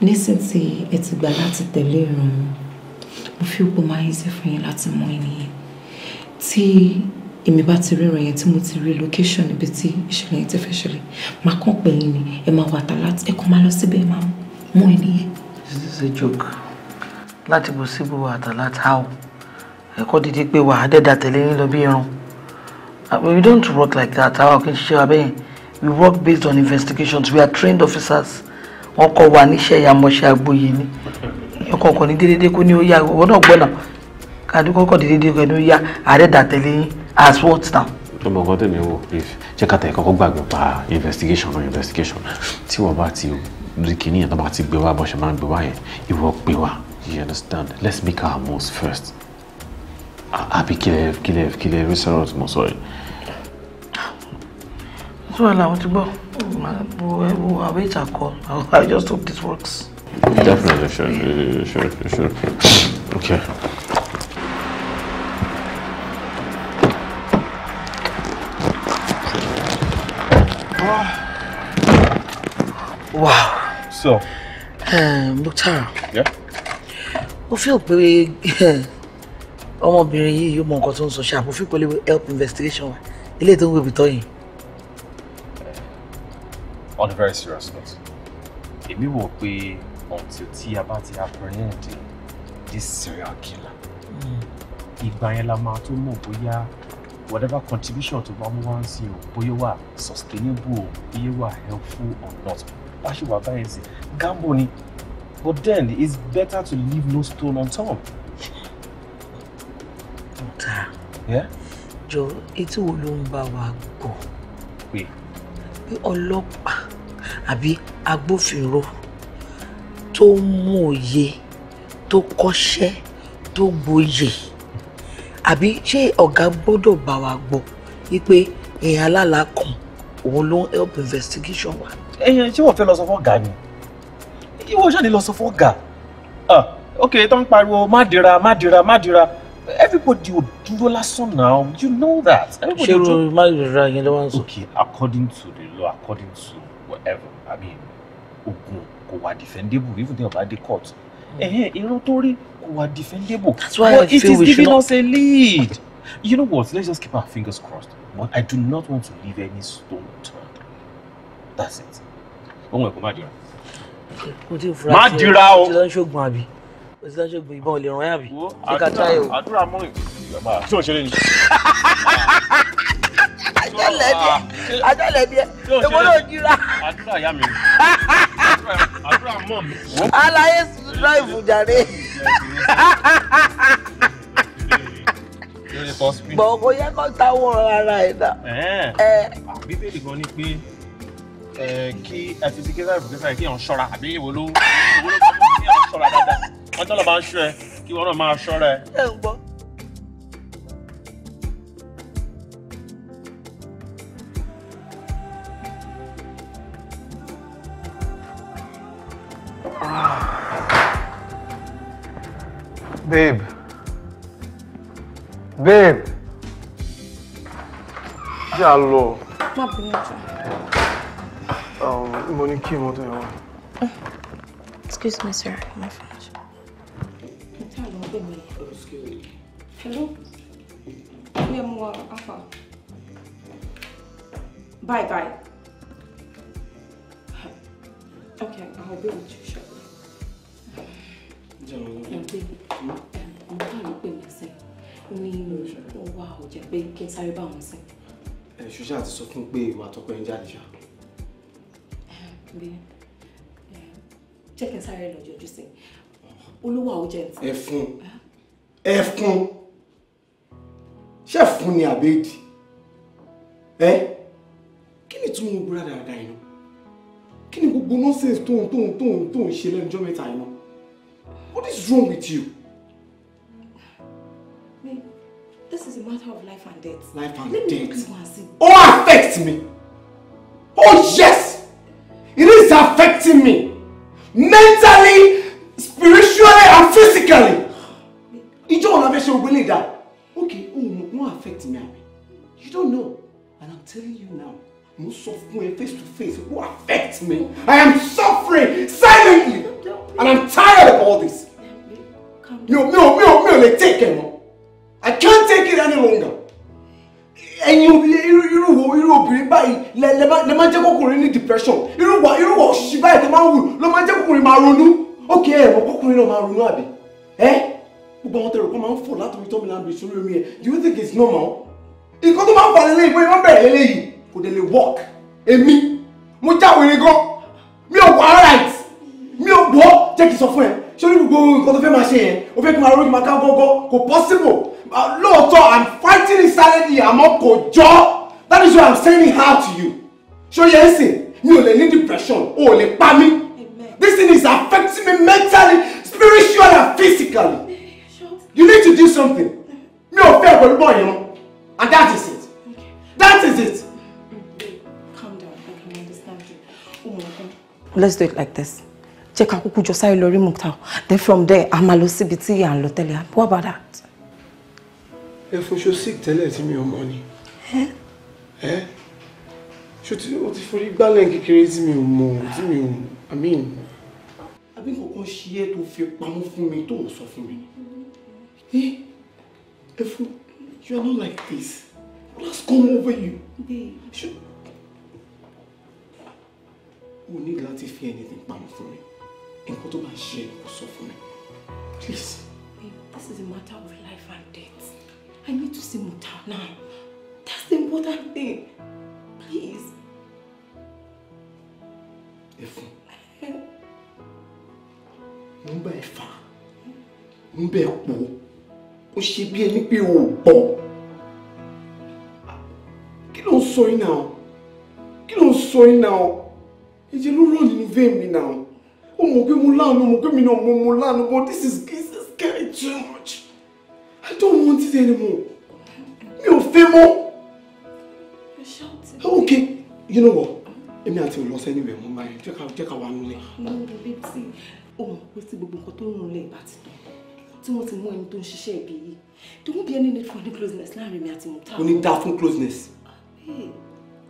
Nísinsìnyí, ẹ ti gbà láti tẹ̀lé ìrànwọ́ mo fi pò máa easy fún yín láti mọ ènìyàn tí èmi bá ti rí ìròyìn tí mo ti rí location ibi tí ìṣẹ̀lẹ̀ yẹn ti fẹ́ ṣẹlẹ̀ máa kàn pé yín ni ẹ máa wà tà láti ẹ máa lọ síbẹ̀ ẹ máa mọ ènìyàn. Is this a joke? láti bò síbò wà tà láti how? ẹ̀kọ́ dídí pé wà á dẹ́dà tẹ̀lé yín lọ bí irun ah, we don't work like that àwọn kì í ṣiṣẹ́ wa bẹ́yìn we work based on investigations we are trained officers wọ́n kọ́ wa níṣẹ́ ìyàmọ̀ṣẹ́ agbóye ni ọkọ̀ ọkọ̀ ní déédéé kó ní ó yá ọwọ́ náà gbọ́nà kàdúkọ́kọ̀ déédéé kó ní ó yá ààrẹ dàtẹ̀lé as what now. tó mọ nǹkan wò if jẹ́ ká tẹ̀ kọ́kọ́ gbàgbé pa investigation or investigation tí wọ́n bá ti rí kìíní yẹn tó bá ti gbé wá bó ṣe máa ń gbé wá yẹn ìwọ gbé wá you understand let's make our moves first àbí kílẹ̀ kílẹ̀ kílẹ̀ rí sọ̀rọ̀ tí mo sọ yìí. sọ́wọ́n làwọn ti gbọ́ ẹ̀wọ̀ àwẹ̀ ìtàkọ́ I just hope this works. Definitely, sure, sure, sure. Okay. Wow. So. Um, Mukhtar. Yeah. Mo feel pé ọmọbìnrin yìí yóò mọ nǹkan tó ń sọ ṣáà mo fi pẹ̀lú help investigation you, eléyìí tó ń wébi tọ́ yìí. on a very serious note you, wò pé until Tia Bati apprehended this serial killer hmm. ìgbà yẹn la máa tó mọ̀ bóyá whatever contribution to bá wants you, ń sìn sustainable o bóyá helpful or not bá ṣe wà báyìí sí but then it's better to leave no stone unturned. ọ̀tá jọ etí wo ló ń bá wa gbọ́ pé ọlọ́pàá àbí agbófinró tó mú òye tó kọ́ṣẹ́ tó gboyè àbí ṣé ọ̀gá gbọ́dọ̀ bá wa gbọ́ wípé èèyàn alálàákùn òun ló ń help investigation wa. ẹyẹ ṣé wọn fẹ́ lọ sọ fún ọ̀gá ni ìwọ ṣáà ni lọ sọ fún ọ̀gá ah, ok tó ń pariwo má dira má dira má dira everybody ò dúró lásán now you know that. ṣé ro má dira yẹn lọ́wọ́ sọ. ok according to the law according to whatever i mean ogun kò wà defendable even though ọba dé court hmm. irun tó rí kò wà defendable but it is giving us a lead you know what let's just keep our fingers crossed but I do not want to leave any stone unturned that's it ohun ẹ̀kọ́ má dira. o. ti lọ ṣoògùn àbí o ti lọ ṣoògùn ìbọn ò ràn yàn àbí. ká try o. àdúrà ìgbà tí ò ṣe lè ní ajọlẹ bi ajọlẹ bi ẹ ẹ mo n'o jira. àdúrà ya mi. alaye drive jàre. bọ̀ kò yẹ kó táwọn ara ẹ̀ dà. bíbélì gan ni pé kí ẹ fi sí kéésàrì fún kéésàrì kí èèyàn ṣọ́ra àbí ìwò ló ń ṣọ́ra dáadáa wọ́n tọ́lọ̀ bá ń ṣọ́ ẹ kí wọ́n náà máa ṣọ́ra ẹ. Babe. Babe. Jalo. lọ. Má bínú jù. Um, mo ní kí mo Excuse me, sir. My finish. Hello? Bóyá mo wà áfà. Bye, bye. Okay, I'll be with you ṣùṣà hmm? ti sọ fún pé ìwà tọpẹ ń jáde ṣá. jẹ́ kí n sáré lọ jọjú sí olówó àwùjẹ ẹ̀. ẹ̀fun ẹ̀fun ṣẹ̀fun ni àbẹ́ẹ̀dì ẹ kí ni tún mo búra dáadáa yìí kí ni gbogbo nọ́ọ̀sì tóun tóun tóun tóun ṣe lẹ́nu jọ́ mẹ́ta yìí náà. What is wrong with you? Babe, this is a matter of life and death. Life and Let death. Me go and see. Oh, affects me. Oh, yes. It is affecting me. Mentally, spiritually, and physically. don't Ijo Olabese really that. Okay, oh, won't affect me. You don't know. And I'm telling you now. No suffering face to face who affect me i am suffering silently and i'm tired of all this mi ò mi ò mi ò take ẹ mọ́ i can't take it any longer ẹ̀yin you, wo irú obìnrin báyìí lè má jẹ́ kókùnrin ní depression You know what? wa òṣìṣì báyìí tó The man wù ló máa jẹ́ Okay, máa ronú ókè ẹ̀rọ kókùnrin náà máa ronú àbí ẹ́ gbogbo àwọn tẹ̀rọ kan máa ń fò látòrí tọ́mìlà àbí ìṣòro omi ẹ̀ do you think it's normal? ìkọ́ tó máa ń fà lélẹ́yìn bóyá wọ́n bẹ̀rẹ̀ lélẹ́yìn kò dẹ̀ lè work èmi mo jáwèrè gan mi ò wà right mi ò gbọ́ jẹ́ kí n sọ fún ẹ sórí gbogbo nǹkan tó fẹ́ máa ṣe yẹn o fẹ́ kí n máa rọ́ọ̀kì máa ká gángan kò possible lóòótọ́ i'm fighting insanity àmọ́ kò jọ that is why i'm sending her to you ṣó yẹ ẹ sìn mi ò lè ní depression o ò lè pa mí this thing is affecting me mentally spiritually and physically you need to do something mi ò fẹ́ pẹ̀lú bọ́ọ̀ and that is it that is it let's do it like this Check ká kúkú jọ sáré lọ rí Mukhtar then from there a máa lọ síbi tí à ń what about that. If fọṣọ sick tẹ́lẹ̀ tí mi me, mọ̀ ni Eh? ṣó tí o ti forí gbálẹ̀ kékeré tí me ò mọ̀ tí mi i mean àbí kankan ṣe é tó fi pamọ́ me, to tó sọ fún mi ẹ you are not like this what has come over you. Should o need láti fi anything pamọ́ fún mi nǹkan tó bá ṣe kò sọ fún mi please. this is a matter of life and death I need to see Muta now that's the important thing please. Efun, eh. mo ń bá ẹ fà, mo ń bá ẹ pò, ó ṣe bí ẹni pé o ò gbọ́. Kí ló ń sọ yín náà? Kí ló ń sọ yín náà? ìjẹ́ ló rọ̀ nínú vein mi náà ó mọ̀ pé mo láàánú mọ̀ pé mi náà mo mo láàánú but this is this is getting too much I don't want it anymore mi ò fẹ́ mọ́. Ah, okay you know what èmi àti ò lọ sẹ́ni rẹ̀ mo máa jẹ́ ká jẹ́ ká wà nílé. mo ń lọ bíi tí o mọ̀ pé tí gbogbo nǹkan tó ń rún lé ìbátí tán tí wọ́n ti mú ẹni tó ń ṣiṣẹ́ ibi yìí there won't be any need for any closeness láàrin mi àti mo o ní dá fún closeness. Ah,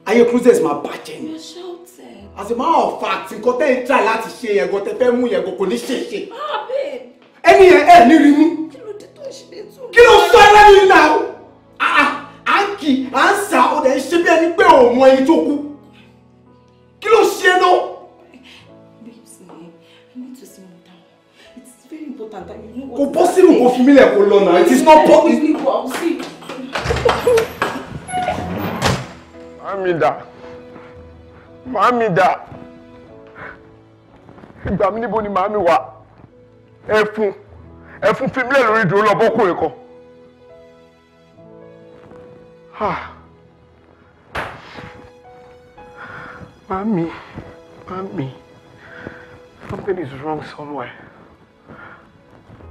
ayé princess máa bàjẹ́ ni as a matter of fact nǹkan tẹ́ ń try láti ṣe yẹn gan tẹ́ fẹ́ mú yẹn gan kò ní ṣe ṣe ah, ẹni yẹn ẹ ní rí mú kí ló sọ ẹ lẹ́yìn náà ah, ah, à ń kì à ń sà ó dẹ̀ ń ṣe bí ẹni pé òun ẹni tó kú kí ló ṣe náà. kò bọ́ sínú kò fi mílẹ̀ kò lọ náà it is not possible. màámi dà màámi dà ìgbà mi níbo ni màámi wà ẹfun ẹfun fi mílẹ̀ lórí ìdúró lọ bọ́kùnrin kan. Màámi màámi something is wrong somewhere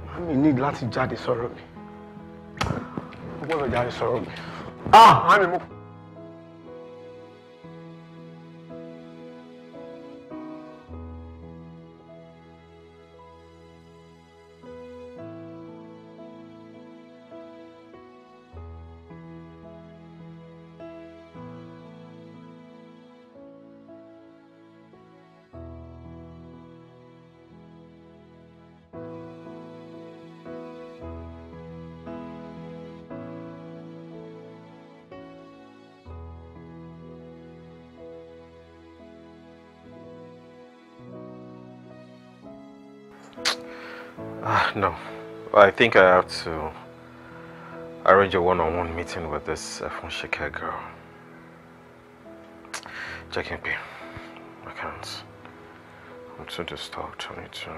màámi need láti jáde sọ̀rọ̀ mi ó gbọ́dọ̀ jáde sọ̀rọ̀ mi. ah màámi Uh, no, I think I have to arrange a one-on-one -on -one meeting with this Fonseca girl. Check in, I can't. I'm too disturbed. I need to.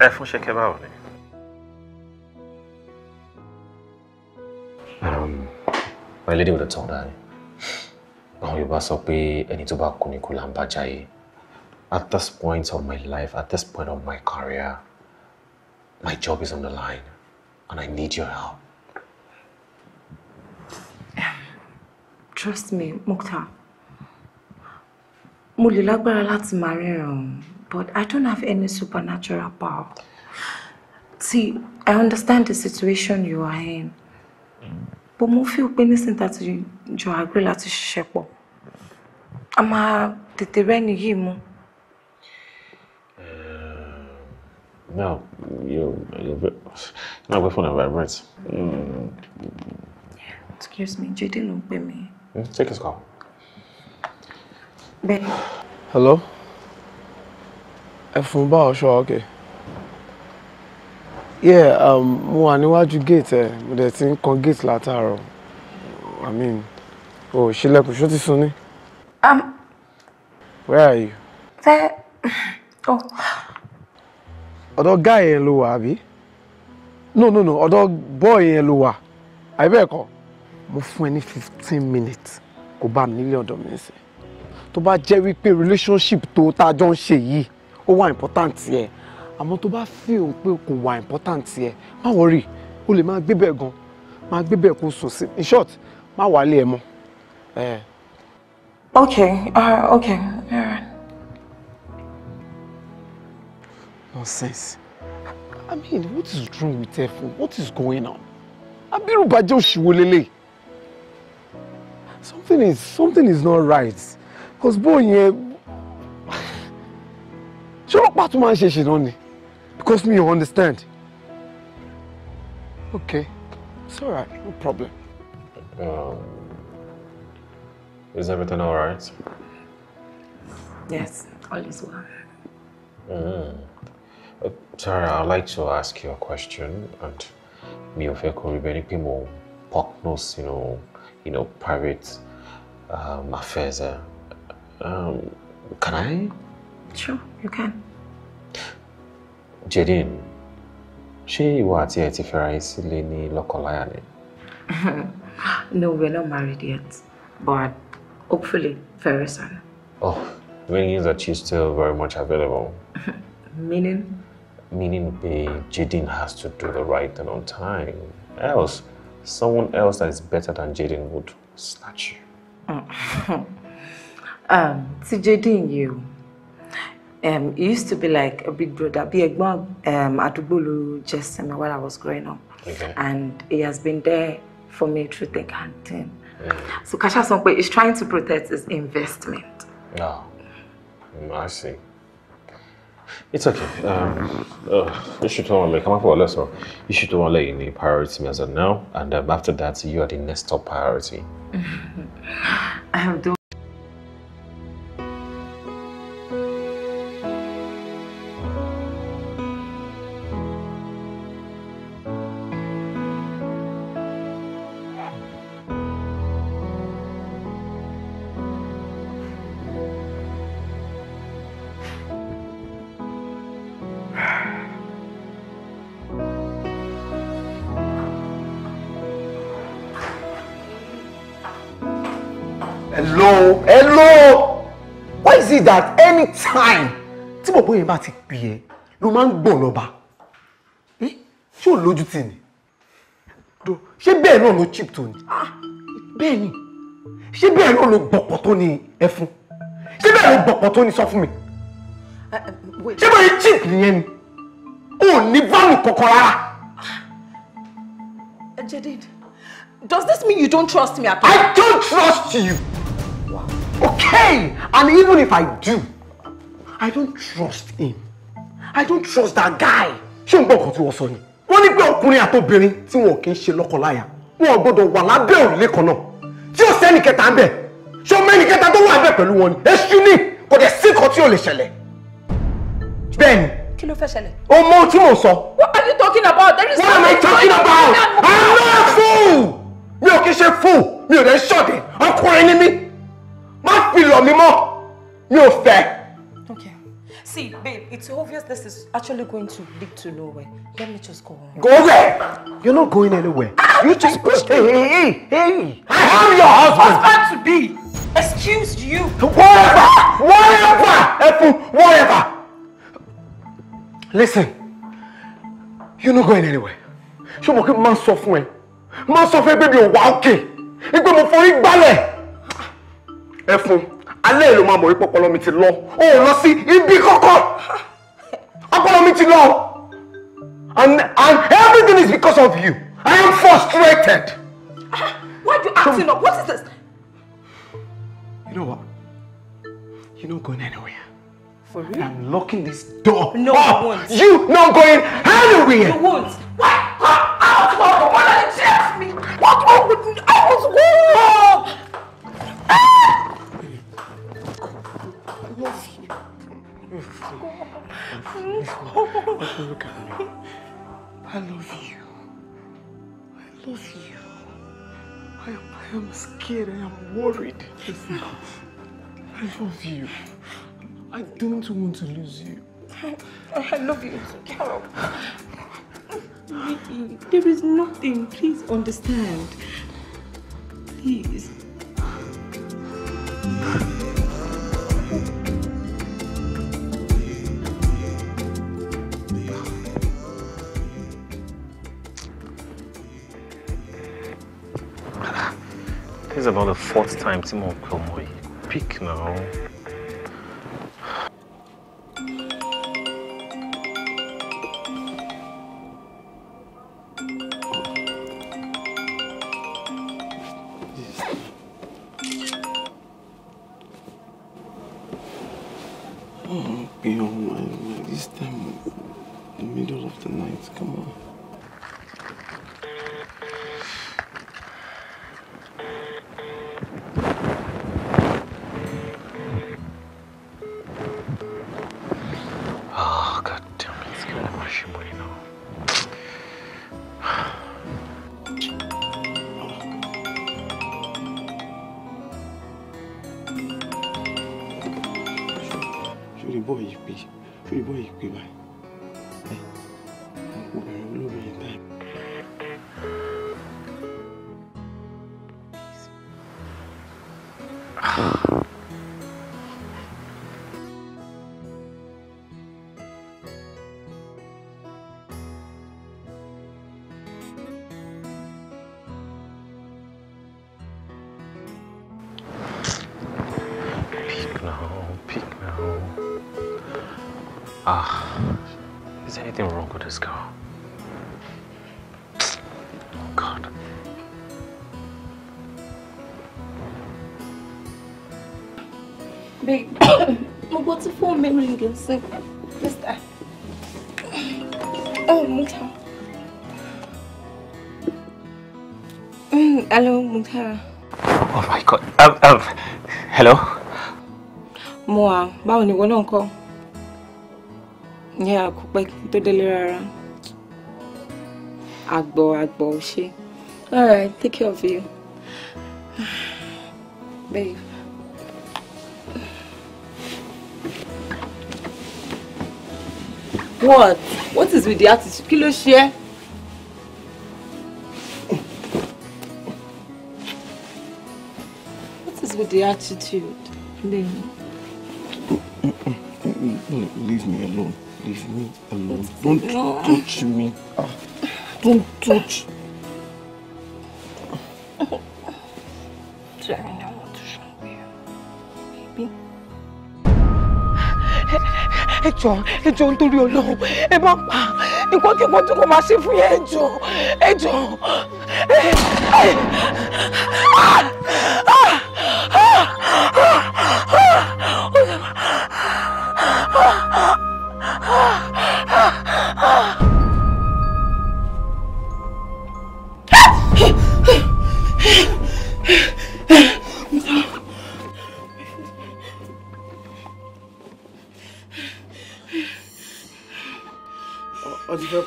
ẹ fún ṣẹkẹ báwo lédè ò lọ tán dáa ni àwọn Yorùbá sọ pé tó ni kò là at this point of my life at this point of my career my job is on the line and I need your help. Trust me, Mukta. Muli lè lágbára láti but I don't have any supernatural power. See, I understand the situation you are in. bó mo fi pé nísìnyí láti jọ àgbẹ̀ láti ṣiṣẹ́ pọ̀ a máa tètè rẹ́ni yìí mú. Now, you're, you're, not away from the environment. Mm. Excuse me, Jide ló ń pè hmm, Take his call. Ben Hello? Ẹ̀fún bá ọ̀ṣọ́ ọ̀kẹ́. Okay yeah um, mo wà níwájú gate ẹ eh, mo dẹ̀ ti ń kan gate látàárọ̀ i mean o ò ṣílẹ̀kùn ṣó ti sùn ni. um. where are you. ẹ Oh, ọ̀dọ̀ guy yẹn ló wà àbí no no no ọ̀dọ̀ boy yẹn ló wà àbí bẹ́ẹ̀ kọ́ mo fún ẹ ní fifteen minutes kó bá mi nílé ọ̀dọ̀ mi sí tó bá jẹ́ wípé relationship tó tá a jọ ń ṣe yìí ó wà important yẹn àmọ́ tó bá feel pé kò wà important yẹ má worry o lè máa gbé bẹ́ẹ̀ gan máa gbé bẹ́ẹ̀ kó sùn sí in short má wàálé ẹ mọ́. Eh. okay uh, okay No sense. i mean what is wrong with her phone what is going on abiru bàjẹ́ òṣìwò lélẹ̀ something is something is not right because bóyá ṣé ọlọ́pàá tún máa ń ṣe ṣìnà ni. Because me, you understand. Okay. It's all right. No problem. Um, is everything all right? Yes, all is well. Mm. Uh, Tara, I'd like to ask you a question. And me, if you could be any people, pocknos, you know, you know, private um, affairs. Uh, um, can I? Sure, you can. Jadine, she was àti ẹ̀ ti fẹ́ra No, we're not married yet, but hopefully very soon. Oh, meaning that she's still very much available. Meaning? Meaning pé Jadine has to do the right thing on time. Else, someone else that is better than Jadine would snatch you. um, to Jadine you um, he used to be like a big brother. Bí ẹ̀gbọ́n um, àdúgbò Just jẹ́ while I was growing up. Okay. And he has been there for me through thick and thin. So Kasha Sonkwe is trying to protect his investment. No, oh, ah, I see. It's okay. Um, uh, tell me. come up for a lesson. should tell me you need priority as of now, and um, after that, you are the next top priority. I have done. bọ́bọ́ yẹn bá ti pè ẹ́ ló máa ń gbọ̀n lọ́ba ṣé ò lójú tì ní ṣé bẹ́ẹ̀ náà ló chip tó ní ah, bẹ́ẹ̀ ni ṣé bẹ́ẹ̀ náà ló bọ̀pọ̀ tó ní ẹfun ṣé bẹ́ẹ̀ ló bọ̀pọ̀ tó ní sọ fún mi ṣé bẹ́ẹ̀ chip nìyẹn ni ò ní vanu kankan rárá. Ah, Jadid, does this mean you don't trust me at all? I don't trust you. Okay, and even if I do. I don't trust him. I don't trust that guy. Ṣé o ń gbọ́ nǹkan tí wọ́n sọ ni? Wọ́n ní pé ọkùnrin àtobìnrin tí wọn kì í ṣe lọ́kọláya. Wọn ò gbọ́dọ̀ wà lábẹ́ òrùlé kan náà. Tí ó sẹ́ni kẹta ń bẹ̀. Ṣé ọmọ ẹni kẹta tó wà bẹ̀ pẹ̀lú wọn ni? Èṣù ni kò dẹ̀ sí kan tí ò lè ṣẹlẹ̀. Bẹ́ẹ̀ni. Kí ló fẹ́ ṣẹlẹ̀? O mọ ohun tí mò ń sọ. What are you talking about? There is What am I talking about? I'm not a fool. Mi ò kì fool. Mi ò dẹ̀ ṣọ̀dẹ̀. Ọkùnrin ni mí. Má fi lọ̀ mí mọ́. Mi ò fẹ́. Okay. See, babe, it's obvious this is actually going to lead to nowhere. Let me just go on. Go where? You're not going anywhere. Ah, you just pushed hey, hey, hey, hey. I am your husband. Husband to be. Excuse you. Whatever. Whatever. Apple, whatever. Listen. You're not going anywhere. You're mo kí n máa sọ fún ẹ? Máa sọ fún ẹ pé mi ò wá òkè. Ìgbé alẹ́ ló máa mọ̀ wípé ọpọlọ mi ti lọ ó lọ sí ibi kọ́kọ́ ọpọlọ mi ti lọ and and everything is because of you I am frustrated. Why are you acting so, up? What is this? You know what? You not going anywhere. For real? I'm locking this door. No, up. I won't. You not going anywhere. You won't. Why? Out! What? What? What? What? What? What? What? What? Look at me. I love you. I love you. I, I am scared. I am worried. I love you. I don't want to lose you. I love you, Carol. There is nothing. Please understand. Please. about the fourth time Timo mo pick now. Mary Ngozi. Mister. Oh, Mukhtar. Mm, hello, Mukhtar. Oh my God. Um, um, hello? Moa, báwo ni wọ́n náà kọ́? Ní àkópẹ́ kí n tó Àgbọ̀ àgbọ̀ ò All right, take care of you. Babe. What? What is with the attitude? Kí ló What is with the attitude? Lẹ́yìn. Leave me alone. Leave me alone. Don't no. touch me. Ah, don't touch. Sorry. ẹ jọ ẹ jọ nítorí Ọlọ́run ẹ má pa nǹkan kíkan tí kò máa ṣe fún yẹn ẹ jọ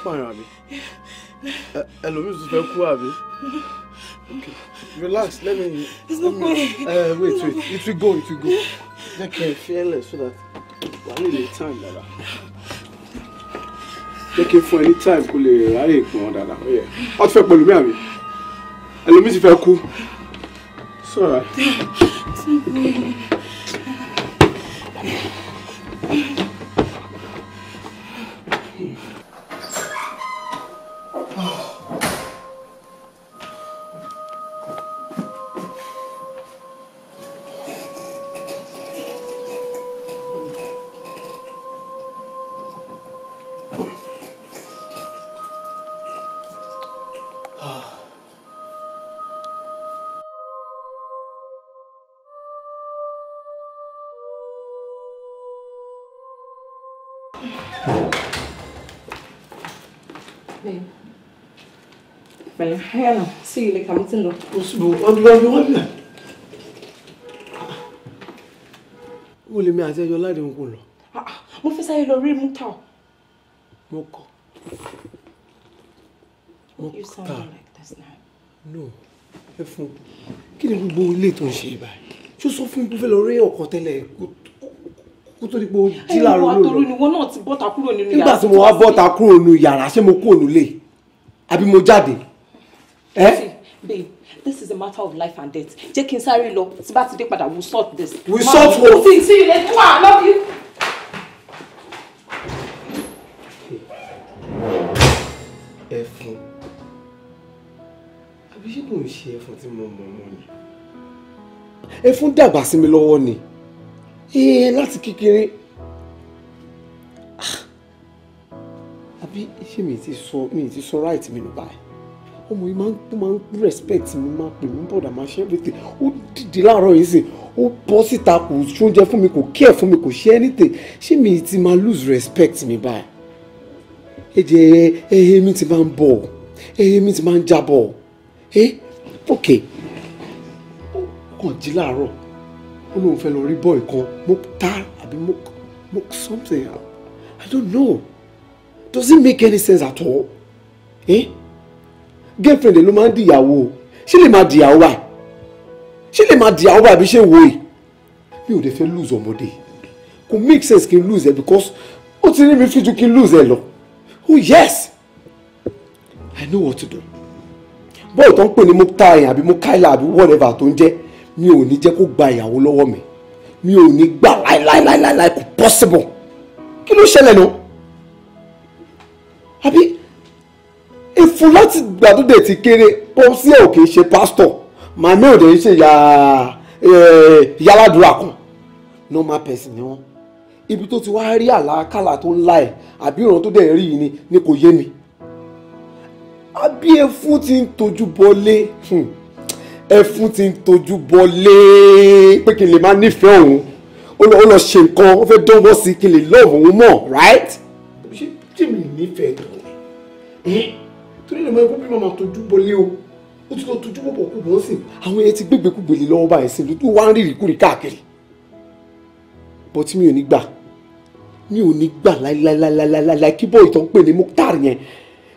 pààyàn àbí ẹlòmíì tún fẹ́ kú àbí. Relax. Let me. Uh, wait, wait. It will go. It will go. Make him fearless so that one in a time, Dada. Make him for any time. Kò lè ráyè ìpọn Dada. Yeah. ti fẹ́ pẹ̀lú mi àbí? Ẹlòmíì ti fẹ́ kú. It's pẹ̀lẹ́ ayọ̀nà sí ilé kàmú tí ń lọ. oṣù ọdún ọdún wọn bẹ̀. ó lè mi àti ẹjọ́ láti ń kó lọ. mo fẹ́ sáré lọ rí mútà. mo kọ. mo kà no ẹ fún un kí ni gbogbo ilé tó ń ṣe báyìí ṣó sọ fún mi pé fẹ́ lọ rí ọkọ tẹ́lẹ̀ kó kó tó di pé ó jí láàárọ̀ lóòrọ̀. ẹ̀rọ àtọ̀rọ̀ ni wọn náà ti bọ́ta kúrò nínú yàrá. nígbà tí mo wá bọ́ta kúrò nínú yàrá ṣé mo kúrò nílé àbí mo jáde. Eh? Babe, this is a matter of life and death. Jẹ́ kí n sáré lọ, tí bá ti dé padà, we'll sort this. We we'll sort what? See, see you later. I love you. Ẹ̀fọn. Àbí ṣé kò ń ṣe ẹ̀fọn tí mo mọ̀ mọ́ ni? Ẹ̀fọn dàgbà sí mi lọ́wọ́ ni. Ee láti kékeré. Ah. Àbí ṣé mi ti sọ mi ti sọ right mi nù báyìí? ọmọ yìí máa ń máa ń respect mi máa pè mí bọ̀dà máa ṣe everything ó dìde láàárọ̀ yìí sìn ó bọ́ síta kò ṣóúnjẹ fún mi kò kí ẹ̀ fún mi kò ṣe anything ṣé mi ti máa lose respect mi báyìí èdè ẹyẹ mi ti máa ń bọ̀ ẹyẹ mi ti máa ń jábọ̀ ẹ ok ó kàn jí láàárọ̀ ó lóun fẹ́ lọ rí bọ́ọ̀ kan mo ta àbí mo mo something I don't know does it make any sense at all? Eh? girlfriend ló máa ń dìyàwó o ṣé lè máa dìyàwó báyìí ṣé lè máa dìyàwó báyìí bí ṣe ń wo yìí mi ò lè fẹ́ lose ọmọdé kò make sense kí n lose ẹ because ó ti rí mi fi ju kí n lose ẹ lọ oh yes i know what to do bọ́ọ̀ tó ń pè ní mukaila àbí mukaila àbí whatever tó ń jẹ́ mi ò ní jẹ́ kó gba ìyàwó lọ́wọ́ mi mi ò ní gbà láíláíláíláí kò possible kí ló ṣẹlẹ̀ nù àbí ìfun láti gbàdúdẹ̀ ti kéré pọ́sí ẹ̀ ò kì í ṣe pásítọ̀ màmí òde ń ṣe yàrádùrà kan normal person ni wọ́n ibi tó ti wá rí àlàkàlà tó ń la ẹ̀ àbí ìran tó dẹ̀ rí yìí ni ni kò yé mi àbí ẹfun ti ń tojú bọlé hmm. ẹfun ti ń tojú bọlé pé kí n lè máa nífẹ̀ẹ́ òun ó lọ ṣe nǹkan ó fẹ́ dánwọ́ sí kí n lè lọ́ọ̀bù òun mọ̀ right. ṣé jimmy nífẹ̀ẹ́ tó ní torí lè mọ ikú bímọ máa tọ́jú bọlé o ó ti lọ tọ́jú bọ̀bọ̀ kú bọ̀ sí àwọn yẹn ti gbégbé kú gbèlè lọ́wọ́ báyìí sí lójú wá ń rírì kúrì káàkiri bọ́ tí mi ò ní gbà mi ò ní gbà láíláíláíláíláí kí bọ́ọ̀ ìtàn pè ní Mukhtar yẹn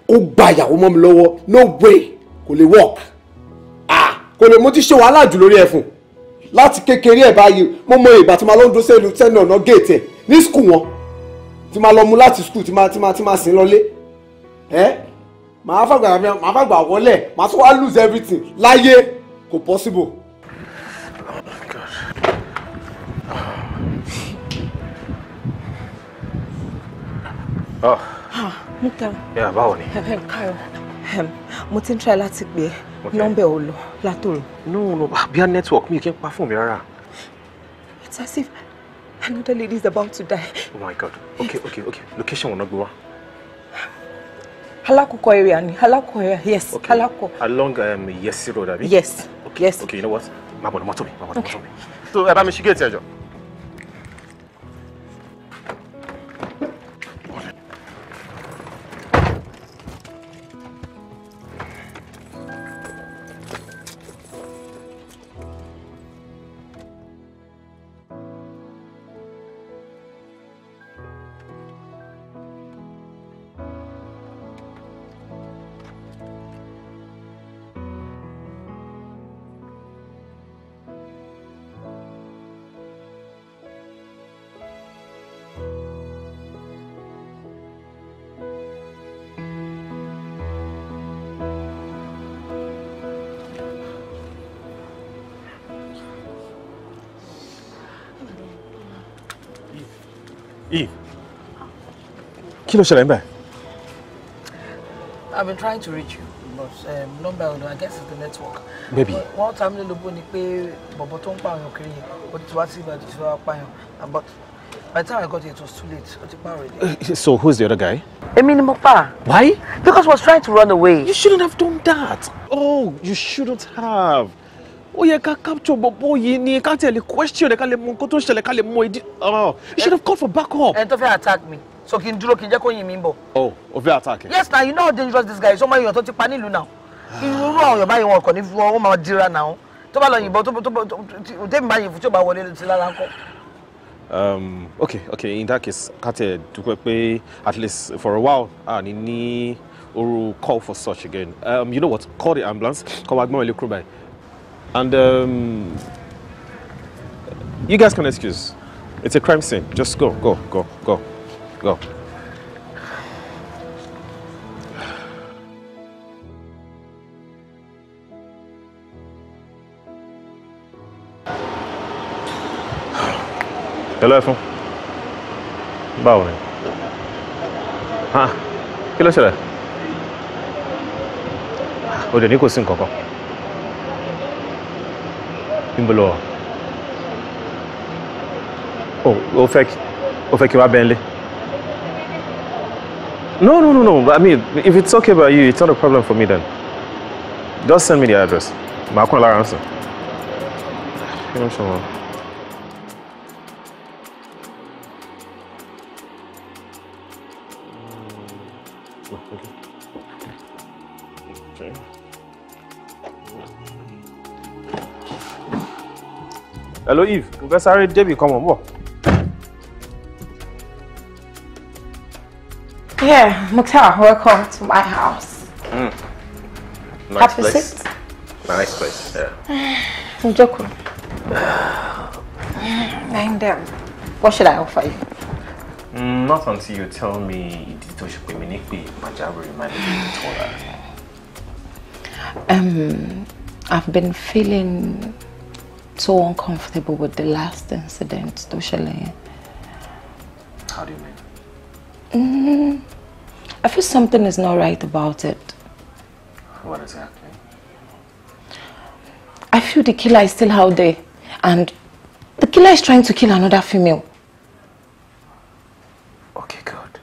kó gba ìyàwó mọ́ mi lọ́wọ́ no way kò lè work ah kò lè mo ti ṣe wàhálà jù lórí ẹ̀fùn láti kékeré ẹ̀ báyìí mo mọ ìgbà tí mo lọ ń dó sẹ́nu tẹ́nu ọ̀nà géètì ẹ̀ ní skul wọn tí mo lọ mú màá fàgbà yàrá màá fàgbà wọlé màá tún wá lose everything láyé kò possible. Oh. Ah, Mukta. Yeah, báwo ni? Káyọ̀, mo ti ń try láti pè é, nọ́mbẹ̀ ò lọ látòrò. No, no, ah, bíá network mi kì í pa fún mi rárá. It's as if another lady is about to die. Oh my God. Okay, okay, okay. Location wọn náà gbé wá. Halako Halakoko area ni halako area yes okay. Halakoko. along um, Yesi road abi. yes okay. yes okay you know what ma bọ̀ ní mi ma bọ̀ ní mi so ẹ bá mi ṣí kí ló ṣẹlẹ̀ ń bẹ̀. I've been trying to reach you but um, number ọ̀nà I guess it's the network. Baby. Wọ́n ta mí lólobó ni pé bọ̀bọ̀ tó ń pààyàn kiri yẹn ó ti wá sí ìbàdí tí wọ́n á pààyàn but by the time I got here it was too late ó ti pa already. Uh, so who's the other guy? Èmi ni mo pa. Why? Because he was trying to run away. You shouldn't have done that. Oh, you shouldn't have. ó yẹ ká capture bọ̀bọ̀ yìí ni ká tẹ̀lé question ẹ̀ ká lè mọ nǹkan tó ń ṣẹlẹ̀ ká lè mọ ìdí. Oh, you should have called for backup. Ẹni tó fẹ́ attack me so kí n dúró kí n jẹ́ kó yin mi bọ̀. oh o fẹ́ attack. yes na you know how dangerous this guy is ọmọ èèyàn tó ti pa nílùú náà irú àwọn èèyàn báyìí wọn kàn ní fún wọn ó máa dira náà tó bá lọ yìnbọn tó tó tẹ́mi bá yìnbọn tí ò bá wọlé ló ti lára ńkọ́. Um, okay, okay. In that case, Kate, dúpẹ́ pé at least for a while, Ah, ni ní oru call for such again. Um, you know what? Call the ambulance. Call Agbon Elekrubai. And um, you guys can excuse. It's a crime scene. Just go, go, go, go. Go. Telefon. Báwo ni? Kí ló ṣẹlẹ̀? O dẹ̀ ní kò sí nǹkan oh Níbo lo wà? O fẹ́ kí wá bẹ́ńlé. No, no, no, no. I mean, if it's okay about you, it's not a problem for me then. Just send me the address. I'll call answer. You know someone. Okay. Hello, Eve. Professor Debbie, come on, what? Yeah, Mukhtar, welcome to my house. Mm. Nice Happy place. Nice place, yeah. I'm joking. i What should I offer you? not until you tell me ìdí tó ṣe pè mí ní pé pàjáwìrì máa lè Um, I've been feeling so uncomfortable with the last incident tó How do you mean? Mm, I feel something is not right about it. What exactly? I feel the killer is still out there and the killer is trying to kill another female. Okay, good.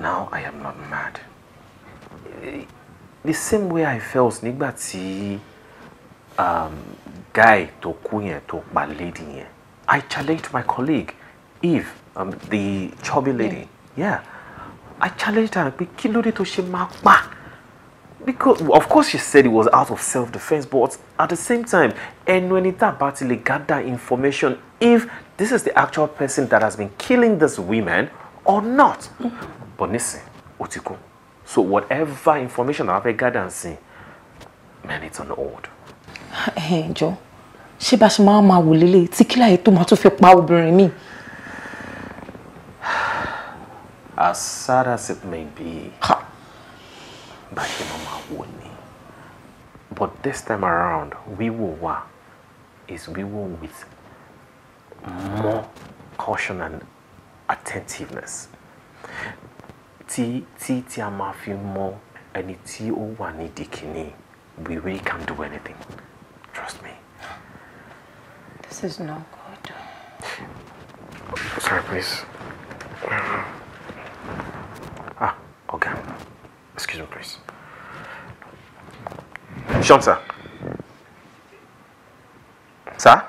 Now I am not mad. The same way I felt nígbà um, guy tó kú tó pa lady I challenged my colleague, Eve, um, the chubby lady. Yeah. yeah. I challenged her pé kí ló dé tó ṣe máa pa because of course she said it was out of self-defense but at the same time ẹnu ẹni tá a bá ti lè gather information if this is the actual person that has been killing these women or not but nisin ó ti kú so whatever information that I fẹ́ gather and see man it's on hold. ẹ jọ ṣé bá a ṣe máa máa wò lélẹ̀ tí kíláyé tó máa tún fi pa obìnrin mi. as sad as it may be, But this time around, wíwò wa is wíwò with more caution and attentiveness. Tí tí tí a máa fi mọ ẹni tí ó wà nídìí kìíní, we really can't do anything. Trust me. This is not good. Sorry, please. Okay. excuse me please. Sean sir. Sir?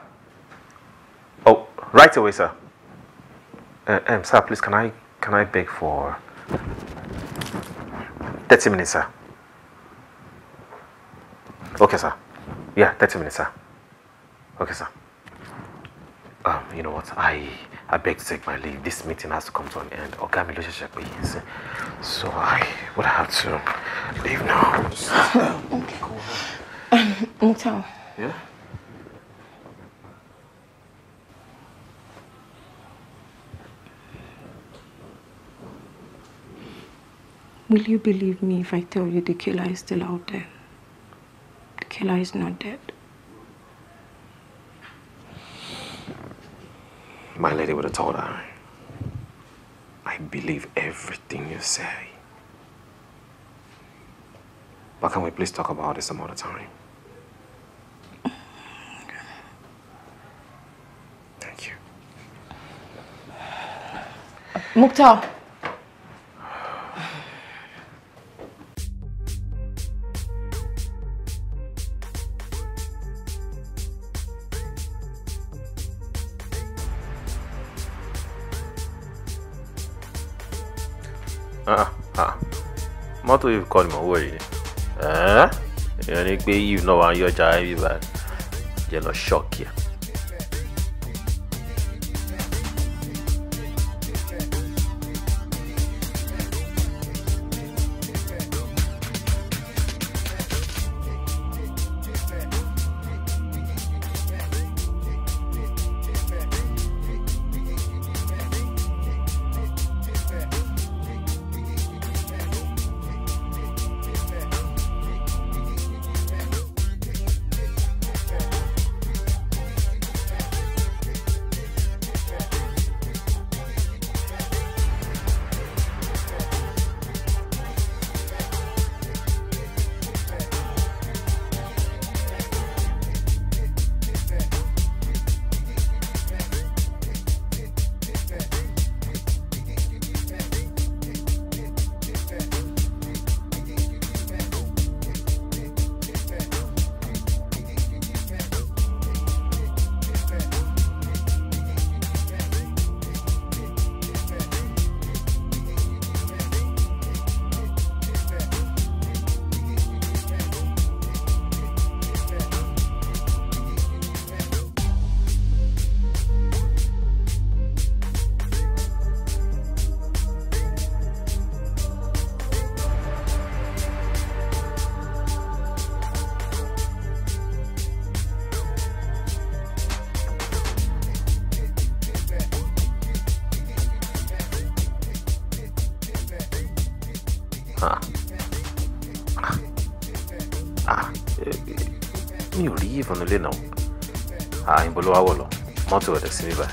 Oh, right away sir. Uh, um, sir, please can I can I beg for 30 minutes sir? Okay sir. Yeah, 30 minutes sir. Okay sir. Um, you know what? I I beg to take my leave. This meeting has to come to an end. Ọ̀gá mi ló ṣẹ̀ṣẹ̀ pè So I would have to leave now. okay. um, Yeah? Will you believe me if I tell you the killer is still out there? The killer is not dead. My lady would have told her, I believe everything you say. But can we please talk about this some other time? Thank you. Mukhtar. mọ́tò yìí kọ́ ni mò ń wò yìí èèyàn ni pé yìí náà wà ń yọjà ẹ̀ bíbá jẹ́ lọ ṣọ́ọ̀kì ẹ̀. Спасибо.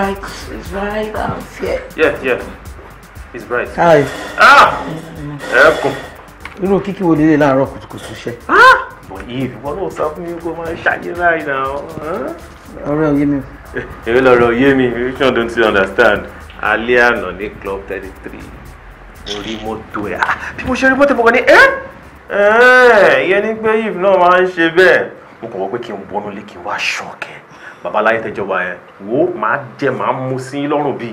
bright. It's bright out here. Yeah, yeah. It's bright. Hi. Ah! Ẹ̀kùn. Irú kíkí wo lélẹ̀ láàárọ̀ kùtùkùtù ṣe? Ah! Bọ̀ yìí ìfipọ́ ló sọ fún mi kó máa ṣàyè báyìí náà. Ọ̀rẹ́ òye mi. Èyí lọ̀rọ̀ òye mi, you sure don't understand. Alẹ́ àná ní Club thirty three, mo rí mọ́tò People ah! Bí mo ṣe rí mọ́tò ìbọ̀kọ̀ ni ẹ́. Ìyẹn ni pé Yves náà máa ń ṣe bẹ́ẹ̀. Mo kàn wọ́n pé kí n wọnú lé kí babaláyé tẹjọ wa yẹn wo màá jẹ màá mu sí lọ́rùn bíi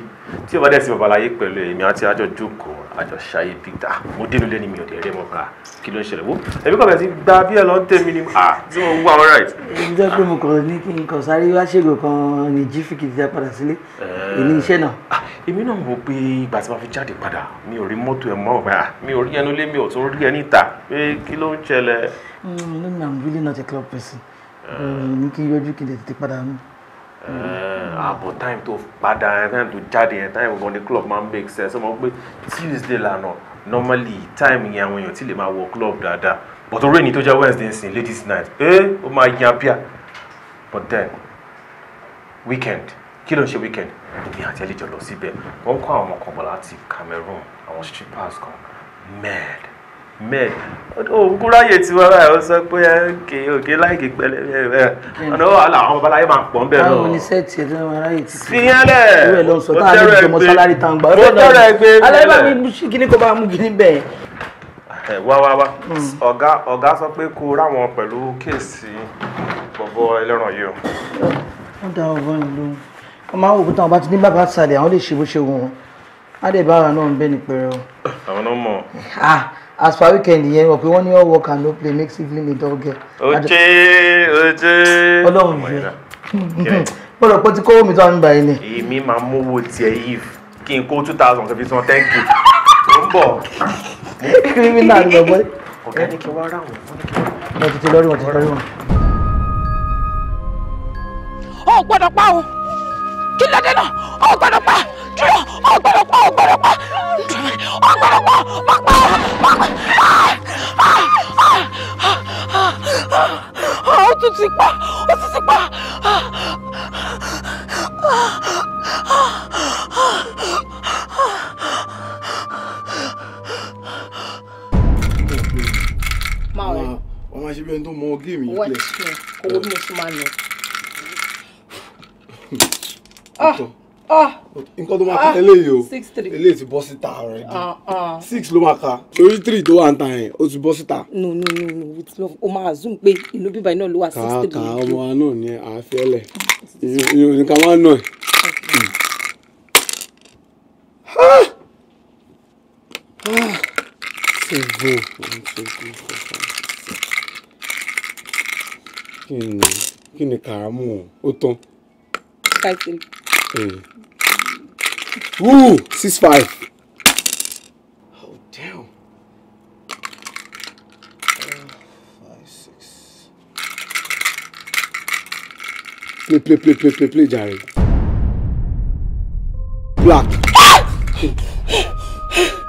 tí o bá dẹ̀ sí babaláyé pẹ̀lú èmi àti àjọ jókòó àjọ ṣayé bíta mo dénú lé ní mi ò dé rẹ mọ ká kí ló ń ṣẹlẹ̀ wo ẹbí kọ̀ọ̀bẹ ti gba bí ẹ lọ ń tẹ̀mí ni à tí mo wá all right. ìjọ pé mo kàn ní kí n kàn sáré wá ṣègùn kan ní jífìkì ti padà sílé ìní iṣẹ́ náà. èmi náà mọ̀ pé ìgbà tí wọ́n fi jáde padà mi ò rí mọ́tò ẹ̀ mọ́ ọ̀bá mi ò rí ẹnu lé mi ò tún rí ẹni ìta pé kí ló ń ṣẹlẹ̀. mi mm, ní Eh, ní kí yọjú kí n tètè padà nù. àbọ̀ eh, ah, time tó padà time tó jáde yẹn time gan ni club máa ń make sense ọmọ pé tuesday lànà normally time yẹn àwọn èèyàn ti lè máa wọ club dáadáa but orí èyí tó jẹ́ wednesday nsìn ladies night ee eh, ó máa yan bíà but then weekend kí ló ń ṣe weekend èmi àti ẹlẹ́jọ́ lọ síbẹ̀ wọ́n kọ́ àwọn ọmọkùnrin láti Cameroon àwọn strippers kan mad med òun kúrò ayé tiwa báyìí ó sọ pé òkè òkè láìkè pẹ̀lẹ́ bẹ́ẹ̀ eh, eh. ọ̀nà wàhálà àwọn babaláyé máa pọ̀ ń bẹ̀ lọ. àwọn oníṣẹ́ tiẹ̀ tó máa ráyè ti sí. fiyẹ́lẹ̀ ìwé ló ń sọ táà ní ìjọmọ sálárì tá n gbà. mo tọrọ ẹ gbé. aláìbá mi kíní kó bá mú kíní bẹ́ẹ̀. ẹ wá wá wá hmm. ọ̀gá ọ̀gá sọ pé kó ráwọn pẹ̀lú kéèsì bọ̀bọ̀ ẹlẹ́ràn yìí o. wọ́n dá ọgbọ́n ìlú wọn máa wò pé táwọn bá ti ní bàbá sàlẹ̀ àwọn lè ṣe bó ṣe wù wọn á dẹ̀ bá ara as far weekend yẹn wọ pé wọ́n ní all work and no play make sibling a dull girl. oje oje Ọlọ́run yẹn bọ́dọ̀ pé tí kówó mi tó wà nígbà yìí ni. èmi máa mú owó tiẹ̀ yìí kí n kó two thousand kẹfì san ten k ó ń bọ̀. criminal lọ bọ́. ọ̀gá ní kí wọ́n rà wọ́n. wọ́n ti ti lọ́rí wọn ti lọ́rí wọn. ó gbọ́dọ̀ pa o kí lóde náà ó gbọ́dọ̀ pa dúró ó gbọ́dọ̀ pa ó gbọ́dọ̀ pa ọ̀pọ̀lọpọ̀ ọ̀pọ̀ ọ̀pọ̀ ó tún ti pa ó tún ti pa. wọ́n máa ṣe bí ẹni tó mọ géèmù yìí pẹ́. owó tí mo tún máa ń lọ. Ah. nǹkan tó máa ah. ka tẹ́lẹ̀ yìí o eléyìí ti bọ́ síta rẹ̀ di ah, six ló máa ka torí three tó wà ń ta yẹn ó ti bọ́ síta. no no no o máa zoom pé inú bíbá iná ló wà six three. kàá ọmọ wa náà ní àáfẹ́lẹ̀ ìyóò ní ká má nà ẹ̀. seven one two three four kí ni kí ni kàámù tán. five three. Eh. Ooh, six five. Oh damn. five six. Play, play, play, play, play, play, Jerry. Black.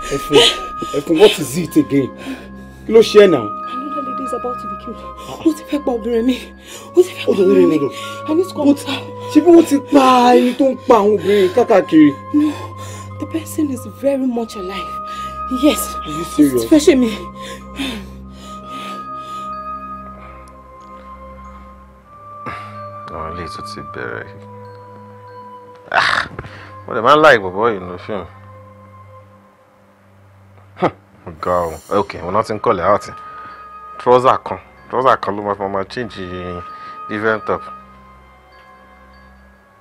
Efun, Efun, what is it again? Kí ló ṣe now? Another lady is about to be killed. Ó ti fẹ́ pa obìnrin mi. Ó ti fẹ́ pa I need to come out. ṣé wọ́n ti pa ẹni tó ń pa àwọn obìnrin kákàkiri. no the person is very much alive yes especially me. serious fẹ́ ṣe mi. àwọn ilé tó ti bẹ̀rẹ̀ ah, mo lè máa ń láì bọ̀bọ̀ yìí nínú fíìmù ga o ok wọn náà ti ń kọlẹ̀ out trouser kan trouser kan ló máa fi máa change Event up.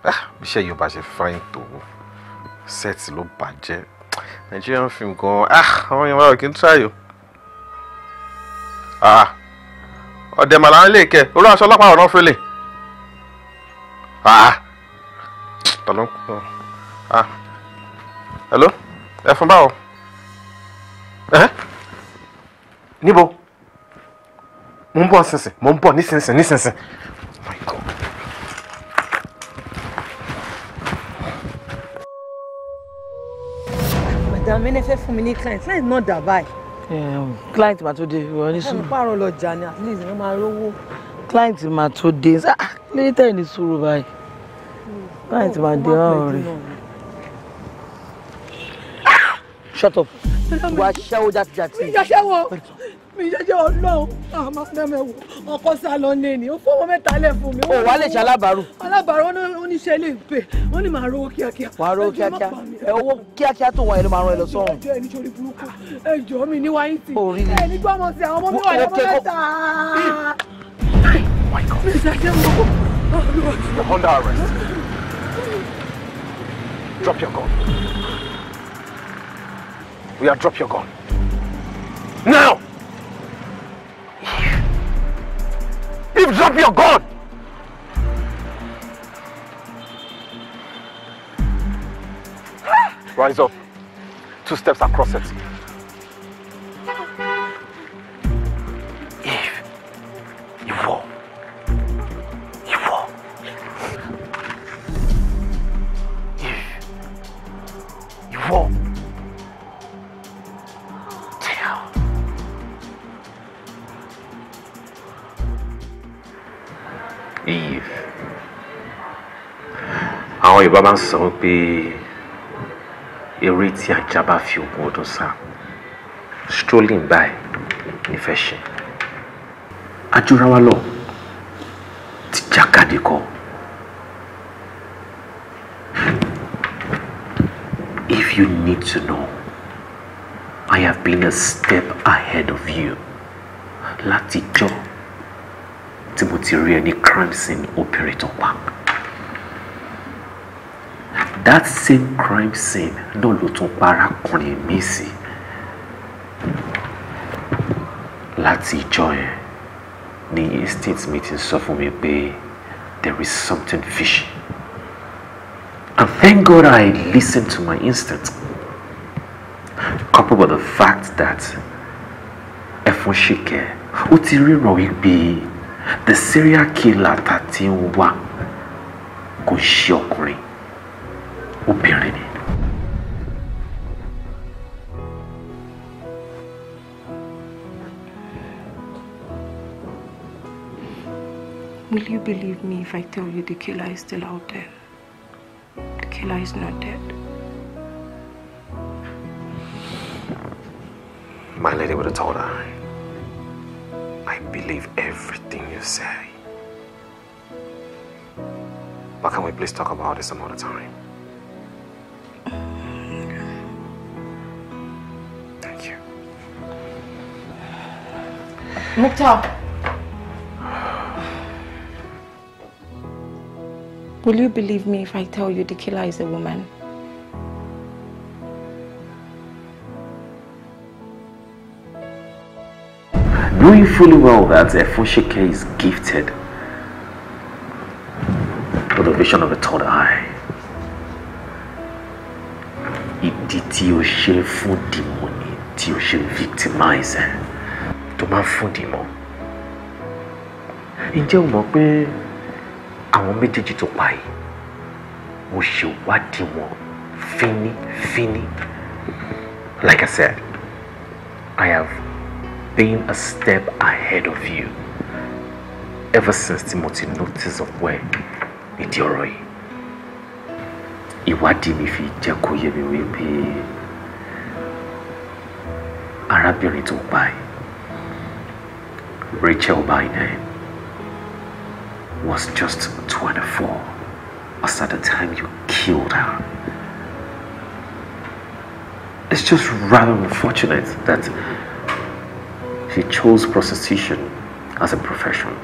Ah, iṣẹ́ yìí ò bá ṣe fáyín tó sẹ́ẹ̀tì ló bàjẹ́ Nigerian film gan àwọn yẹn wá kí n try o ah, ọ̀dẹ̀ màlá ń lè kẹ́ olú aṣọ ọlọ́pàá ọ̀nà fẹ́lẹ̀ ah, hello ẹ fún báwo níbo mo ń bọ̀ nísinsìn mo ń bọ̀ nísinsìn nísinsìn. Oh my God. dàmí ní fẹ́ fún mi ní client client náà dà báyìí. client máa tó dé ìwọ ní sùúrù. pààrọ̀ lọ jà ni at least wọ́n máa rówó. client máa tó dé ah, lórí tẹ̀ ní sùúrù báyìí client máa dé ọ̀rọ̀ rẹ̀. Ah! shut up wàá ṣẹ́wó jàtijàti. mi ò ṣẹ́wó mi jẹjẹ Ọlọ́run àmọ́ ah, mẹmẹwò ọkọ sá lọ ní ẹni ó fọwọ́ mẹ́ta lẹ fún mi. o wa lè ṣe alábàárù. alábàárù oníṣẹ́ lè pè wọ́n ní màá rówó kíákíá. wàá rówó kíákíá ẹ owó kíákíá tó wà ẹ ló máa rán ẹ lọ sọ́run. ẹjọ́ ẹni sori burúkú ẹjọ́ mi ní wáyé tì. orí mi ẹni gbọ́ ọmọ sí àwọn ọmọ mi wà lọ́mọ mẹ́ta. mi jẹjẹ wọ. Honda arrest. Drop your gun. We are drop your gun. Now! If drop your gun! Rise up. Two steps across it. Yorùbá máa ń sọ wípé eré tí ajá bá fi ogún ọdún sá strolling by nífẹ̀ẹ́ ṣe ajúra wa lọ ti jákàdé kọ. If you need to know, I have been a step ahead of you. Látijọ́ tí mo ti rí ẹ ní crime operator pa that same crime scene náà ló tún parákùnrin mi sí láti ìjọ yẹn ní instinct meeting ti sọ fún mi pé there is something fishy and thank God I listened to my instinct Couple with the fact that ẹfun ṣìkẹ ó ti ríran wípé the serial killer ta ti ń wá kò ṣe ọkùnrin Will you believe me if I tell you the killer is still out there? The killer is not dead. My lady would have told her. I believe everything you say. But can we please talk about this some other time? Mukhtar. Will you believe me if I tell you the killer is a woman? you fully well that Efoshike is gifted for the vision of a third eye. It tí o ṣe fún dìmọ̀ ni tí o tó máa ń fún ìdìmọ̀ ǹjẹ́ o mọ̀ pé àwọn méjèèjì tó pa yìí mo ṣèwádìí wọn fínífíní like I said I have been a step ahead of you ever since Timothy notice of where ìdí ọ̀rọ̀ yìí ìwádìí mi fi jẹ́ kó yé mi wípé arábìnrin tó pa yìí. Rachel by name, was just 24 as at the time you killed her. It's just rather unfortunate that she chose prostitution as a profession.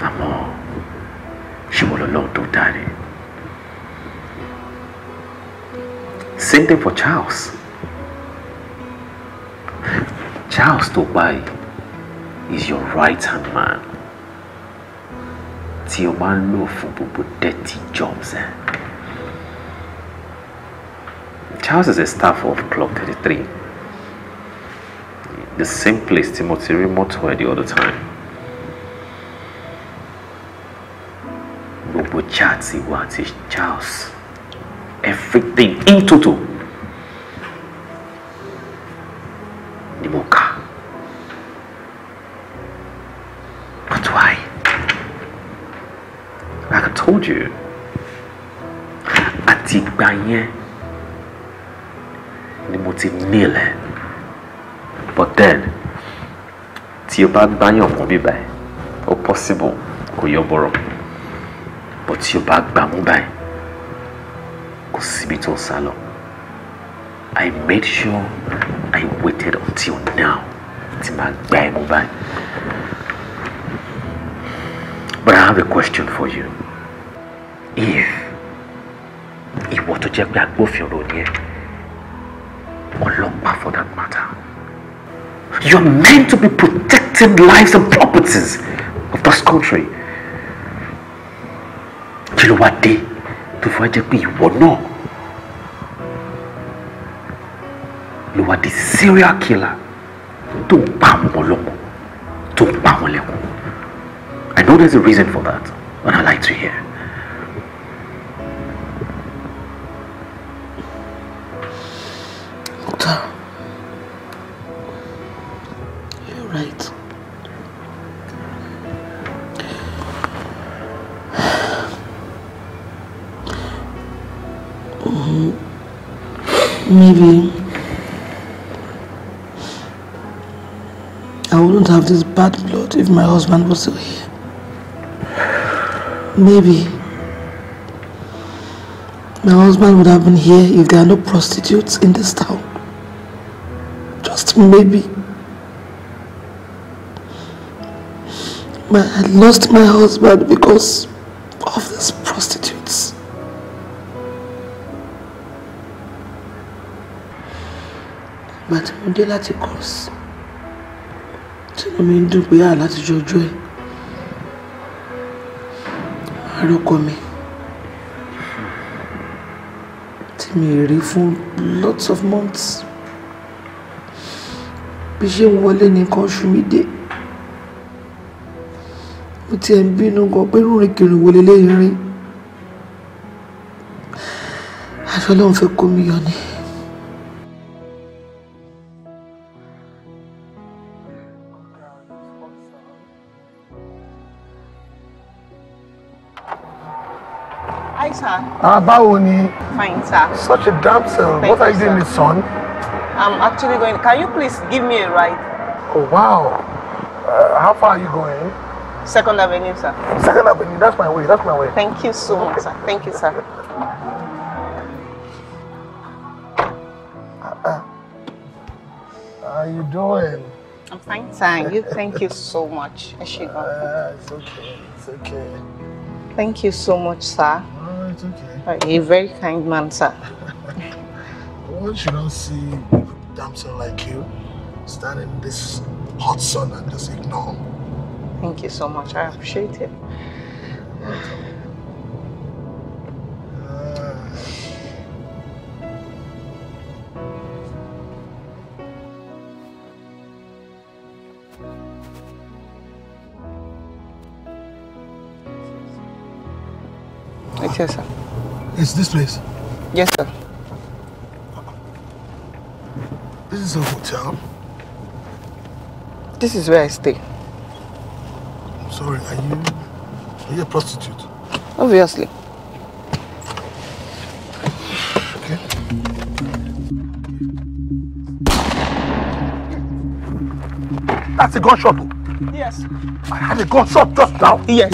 Amor, she will alone do daddy. Same thing for Charles. Charles Togbai is your right hand man tí o máa ń lò dirty jobs eh? Charles is a staff of Club 33 the same place tí mo ti rí the other time. chats. He wants is Charles everything in total. told you àti ìgbà yẹn ni mo ti nail but then tí o bá gbáyàn kan bíbá ẹ possible kò yọ bọ̀rọ̀ but tí o bá gbà mú báyìí kò síbi tó sá lọ I made sure I waited until now tí màá gbà ẹ mú báyìí but I have a question for you. jẹ́ pé agbófinró ni ẹ́ ọlọ́pàá for that matter you are meant to be protecting lives and properties of this country kí ló wá dé tó fà jẹ́ pé ìwọ náà ló wá di serial killer tó ń pa àwọn ọlọ́mọ tó ń pa àwọn lẹ́kọ̀ọ́ I know there's a reason for that and I like to hear. bad blood if my husband was still here. Maybe my husband would have been here if there are no prostitutes in this town. Just maybe. But I lost my husband because of these prostitutes. But Mundela, of course. mi ń dùn pé à ah, láti jọjú ẹ̀ àròkọ mi tí mi rí fún lots of months bí ṣe ń wọlé nìkan ṣú mi dé mo tiẹ̀ ń bínú gan pé rúnrin kìrìn wọlé lẹ́yìn rí aṣọ lóun fẹ́ kó mi yọ ni. Hi, sir. Ah, Baoni. Fine, sir. Such a damsel. Thank what you, are you doing, sir. son? I'm actually going. Can you please give me a ride? Oh, wow. Uh, how far are you going? Second Avenue, sir. Second Avenue, that's my way, that's my way. Thank you so much, sir. Thank you, sir. Uh, uh. How are you doing? I'm fine, sir. You, thank you so much. I should go. Uh, it's okay, it's okay. Thank you so much, sir okay. You're a very kind man, sir. you do not see a damsel like you standing in this hot sun and just ignore him. Thank you so much. I appreciate it. It's this place? Yes, sir. This is a hotel. This is where I stay. I'm sorry, are you... Are you a prostitute? Obviously. That's a gunshot. Yes. I had a gunshot just now. Yes.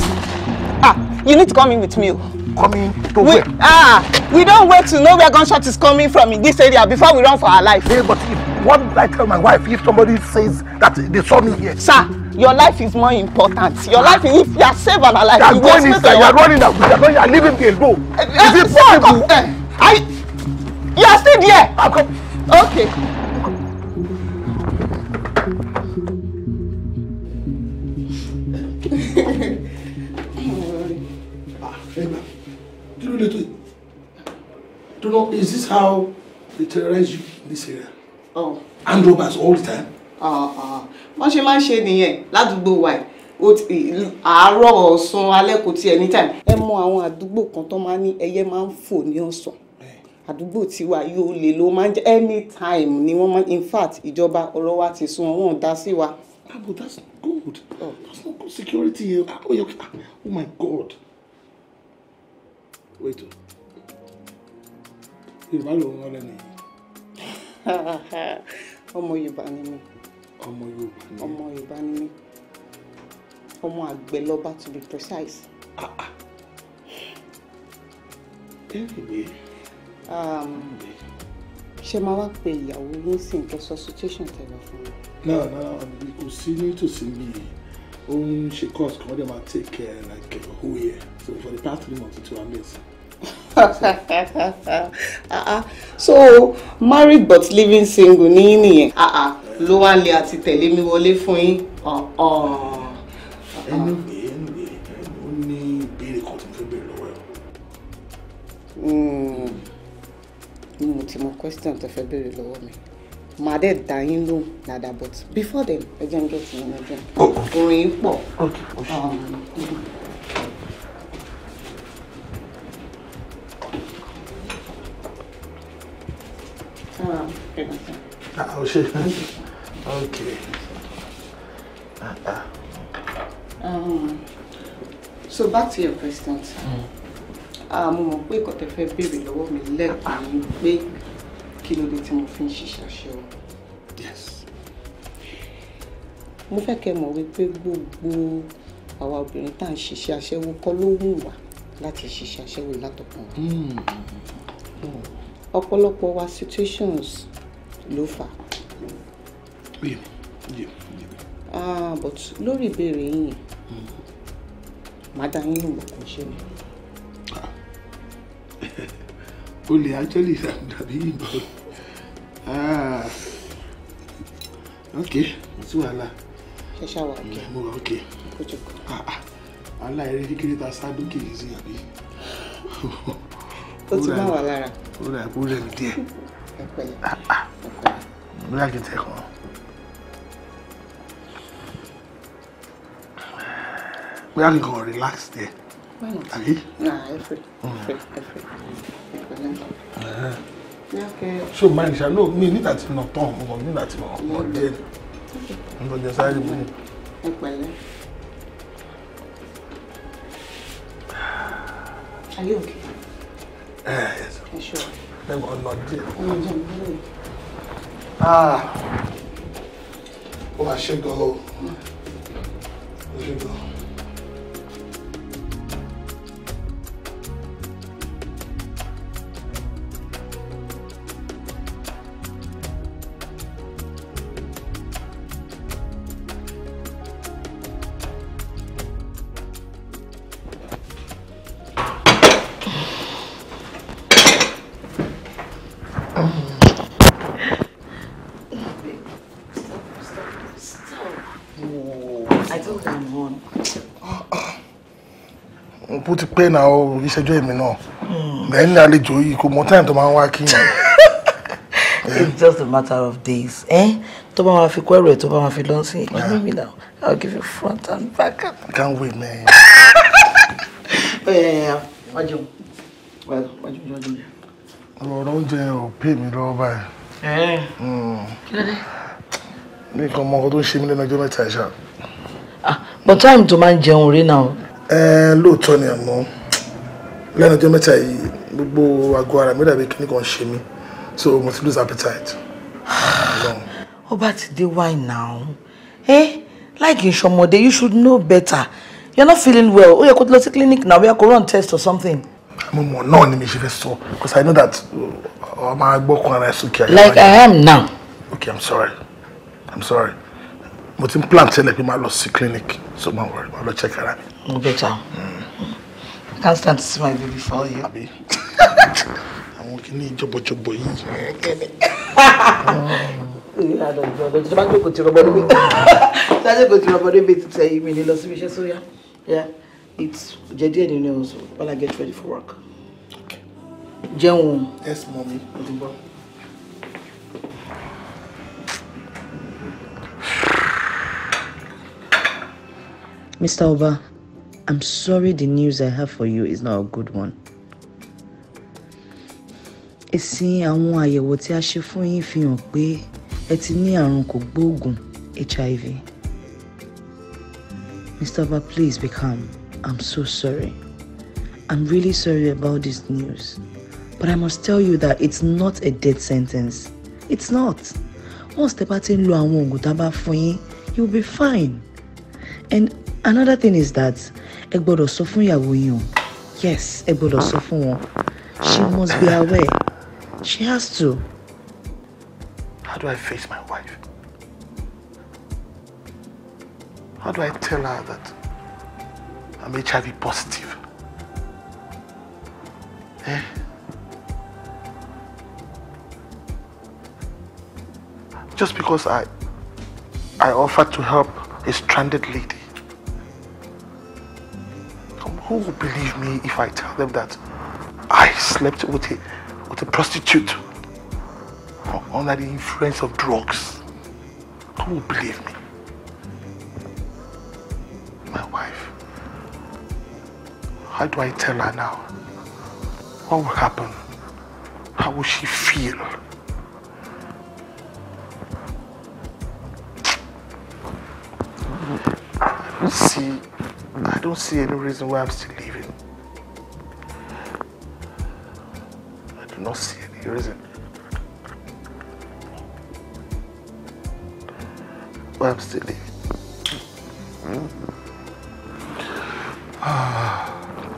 Ah, you need to come in with me. coming to we, where? Ah, we don't wait to know where gunshot is coming from in this area before we run for our life. Hey, but if, what did I tell my wife if somebody says that they saw me here? Sir, your life is more important. Your life, ah. if you are safe and alive, you, are going inside, you are running out. You are, going, you leaving me alone. Uh, is it possible? Uh, I, you are still there. Okay. ló lè tó yìí don't know is this how they terrorize you in this area oh. and robbers all the time. Ah ah. máa ń ṣe nìyẹn ládùúgbò wa àárọ̀ ọ̀sán alẹ́ kò tiẹ̀ ní time. ẹ mọ àwọn àdúgbò kan tó máa ń ní ẹyẹ máa ń fò ní ọ̀sán àdúgbò tiwa yóò lè lo máa ń jẹ anytime ni wọ́n máa in fact ìjọba ọ̀rọ̀ wa ti sún wọn ò sí wa. ah that's good oh. that's not good security oh, ah, oh my god wait o yorùbá ló wọn lẹ́nu yìí. ọmọ yorùbá ni mí. ọmọ yorùbá ni mí. ọmọ yorùbá ni mí. ọmọ àgbẹ̀lọ́ba to be precise. Ah, ah. Um, ṣé máa wá pe ìyàwó yín sí nǹkan substitution tẹ̀lé fún mi. náà náà kò sí nítòsí mi ò ń ṣe course kan wọ́n dẹ̀ máa take care like a whole year. So for the past three months, two amazing. uh-uh. so married but living single ní nìyẹn ah, ló wá ń lé àti tẹ̀lé mi wọlé fún yín. ẹnu gbé ẹnu gbé ó ní ìbéèrè kan tó ń fẹ́ béèrè lọ́wọ́ ẹ̀. Hmm. Hmm, mo ti mọ question tó fẹ́ béèrè lọ́wọ́ mi màá dẹ̀ dá yín lóhùn dada but before then I jẹ́ get gẹ̀ sí mi lọ́jọ́ orin yìí pọ̀. máa fẹ́ mi sí. ó ṣe Um, so back to your question. Mm. Ah, mo mọ̀ pé kọ́tẹ́ fẹ́ béèrè lọ́wọ́ mi lẹ́ẹ̀kan ni pé kí ló dé tí mo fi ń ṣiṣẹ́ aṣẹ́wó. mo fẹ́ kẹ́ mọ̀ wípé gbogbo àwa obìnrin tá à ń ṣiṣẹ́ aṣẹ́wó kọ́ ló wù wá láti ṣiṣẹ́ aṣẹ́wó látọkùnrin ọ̀pọ̀lọpọ̀ wa situations ló fà. but lórí ìbéèrè yìí màdá yín mm-hmm. ló kò ṣe ni. Ah. o lè actually dàbí ìbọn ah. ok kò sí wàhálà ṣe ṣàwà ok mm, mo wà ok ah, aláìrí kékeré ta sádókè yìí sí àbí. ó ti bá wà lára. ó rà rẹ̀ mí díẹ̀. ẹ pẹ̀lẹ́ ẹ pẹ̀lẹ́. mo ní àkìtẹ̀ kan. we are going to relax there. Why not? Are you? Nah, I'm free. Mm. Free, okay. So, man, shall no, me need that no tongue, but me that no, no dead. Okay. I'm going to decide to move. Are you okay? lẹ́gbọ̀n lọ díẹ̀ ó máa ṣe gan o ó ṣe gan o. pẹ́ náà o ìṣẹ́jọ́ èmi náà hmm. bẹ́ẹ̀ ní àlejò yìí kò mọ táyà tó máa ń wá kí yẹn. it's just a matter of days eh? tó bá máa fi kó ẹrù ẹ̀ tó bá máa fi lọ sí ìpínlẹ̀ mi náà i'll give you front and back. can't wait man. Eh, wájú wájú wájú wájú. ọ̀rọ̀ oúnjẹ ò pè mí lọ́wọ́ báyìí. Eh. Hmm. kí ló dé nǹkan ọmọ ọkọ tó ń ṣe mí lẹ́nu ọjọ́ mẹ́ta ẹ̀ ah, but time tó máa ń jẹun rí náà ẹ lóòótọ́ ni àmọ́ lẹ́nu ọjọ́ mẹ́ta yìí gbogbo àgọ́ ara mi dàbí kíní kan ṣe mí so mo ti lose appetite. ó bá ti dé wine now eh? like ìṣọmọdé you should know better you're not feeling well ó yẹ kó lọ sí clinic now bóyá kó run test or something. mo mọ̀ náà ni mi ṣe fẹ́ sọ because i know that ọmọ uh, agbọ́kùn ara ẹ̀ sókè ayé. like i am now. okay i'm sorry i'm sorry mo ti ń plan tẹ́lẹ̀ pé máa lọ sí clinic so máa wọrí máa lọ check ara mi. No better. Mm. I can't stand to see my baby fall here. don't Àwọn kìíní ìjọbọ̀jọbọ̀ yìí. Ìjọba ìjọba jókòó ti rọ̀bọ̀ níbi. Ìjọba jókòó ti rọ̀bọ̀ don't ti tẹ ìmì ní lọ síbi iṣẹ́ sóyá. It's jẹ díẹ̀ nínú ẹ̀ ọ̀sọ̀ while I get ready for work. Okay. Jẹun. Yes, mommy. Òdìbọ̀. Mr. Oba. I'm sorry the news I have for you is not a good one. Èsì àwọn àyẹ̀wò tí a ṣe fún yín fi hàn pé ẹ ti ní àrùn kògbóògùn HIV. Mr. Ba, please be calm. I'm so sorry. I'm really sorry about this news. But I must tell you that it's not a death sentence. It's not. Once the bá ti ń lo àwọn oògùn tá a bá fún yín, you'll be fine. And another thing is that ẹ sọ fún ìyàwó yín yes ẹ sọ fún wọn she must be aware she has to. how do I face my wife? how do I tell her that I'm HIV positive? Eh? Just because I I offered to help a stranded lady who will believe me if I tell them that I slept with a, with a prostitute under the influence of drugs? Who will believe me? My wife. How do I tell her now? What will happen? How will she feel? see I don't see any reason why I'm still living. I do not see any reason. Why I'm still living. Hmm? Ah.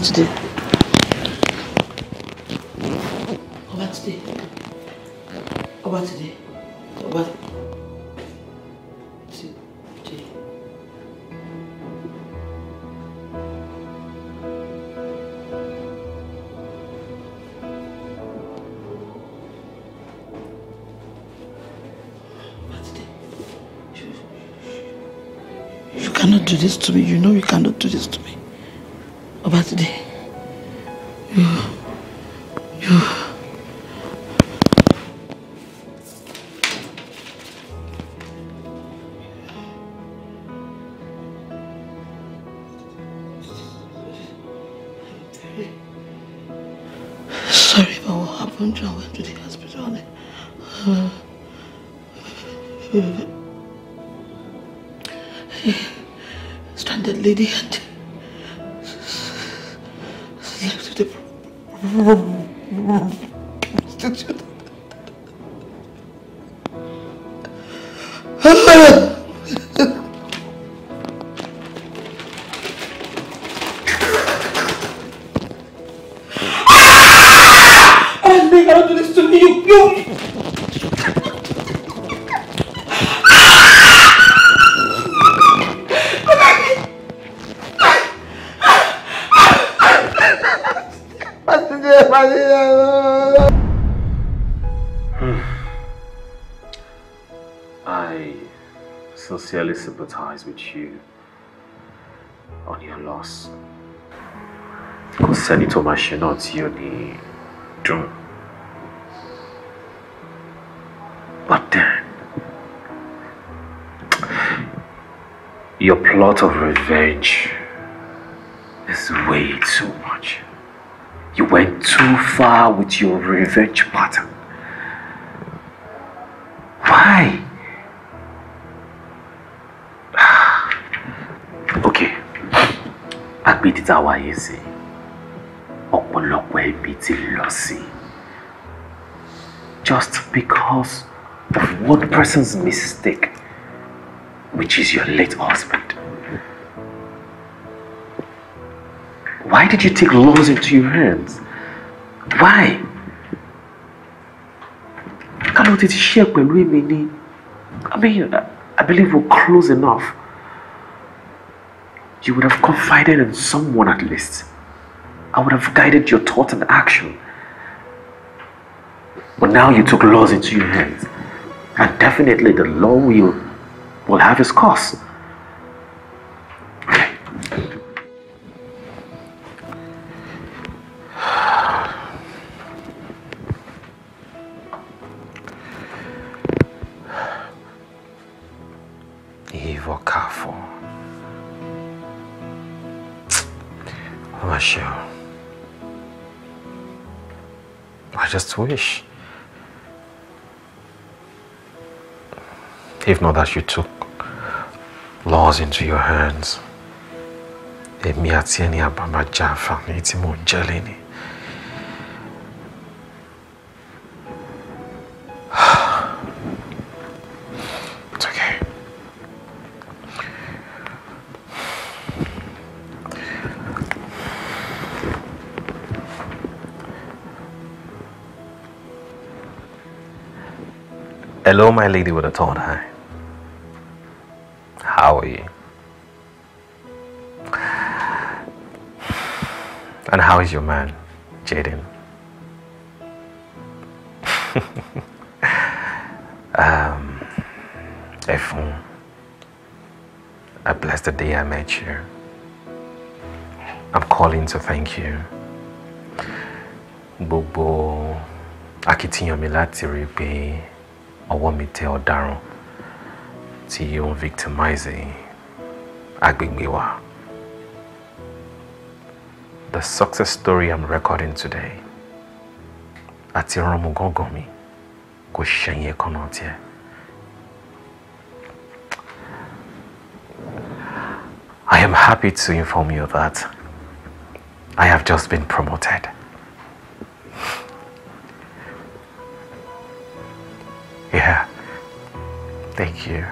ちで。おばちで。おばちで。おばちで。You cannot do this to me. You know you cannot do this to me. about today. sympathize with you on your loss. Because sẹ́ni tó you ṣe náà But then, your plot of revenge is way too much. You went too far with your revenge àbí títà wáyé sí ọ̀pọ̀lọpọ̀ ẹbí ti lọ sí just because of one person's mistake which is your late husband. Why did you take laws into your hands? Why? Kálọ̀ ti ti ṣe pẹ̀lú èmi ni I mean I believe we close enough. you would have confided in someone at least. I would have guided your thought and action. But now you took laws into your hands. And definitely the law will, will have its course. wish. If not that you took laws into your hands. Èmi àti ẹni àbámá já àǹfààní tí mò ń Hello, my lady with a tall eye. How are you? And how is your man, Jaden? um, Efun, I bless the day I met you. I'm calling to thank you. Gbogbo akitiyan mi láti pé ọwọ́ mi tẹ ọ̀daràn tí ó ń victimize agbègbè wa. The success story I'm recording today at rànmú gángan mi kò I am happy to inform you that I have just been promoted. Thank you.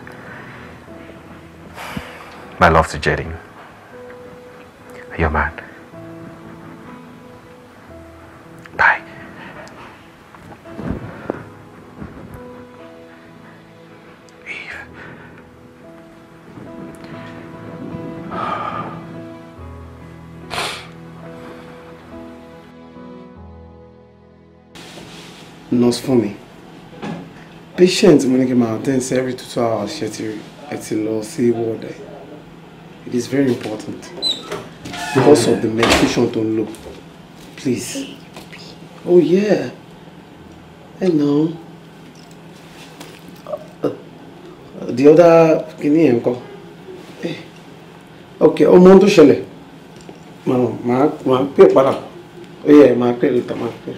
My love to Jetting. Your man. Bye. Eve. Nurse for me. patient mo ní kí n máa attend sí every two two hours ṣe ti ẹ ti lọ sí ward ẹ it is very important because of the medication tó ń please oh yeah ẹ hey, nà no. uh, uh, the other kìíní yẹn kọ́ eh. ok ọmọ ohun tó ṣẹlẹ̀ màá màá pè padà ó oh, yẹ màá pè lóta màá pè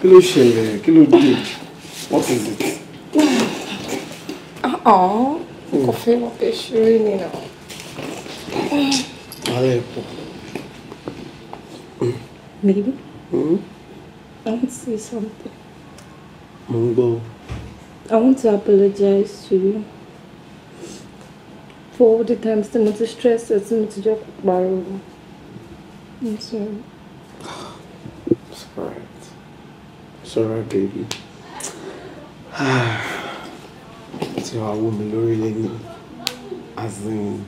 kí ló ṣẹlẹ̀ kí ló dé what is it. kò fẹ́ wọ́n fẹ́ ṣeré nínú. ààrẹ pọ̀. Baby, mm? I want to say something. Mo ń gbọ́. I want to apologize to you for all the times tí mo ti stress ẹ tí mo ti jẹ́ kó pariwo. I'm sorry. Sorry. Sorry, baby. It's your woman, mí lórí As in,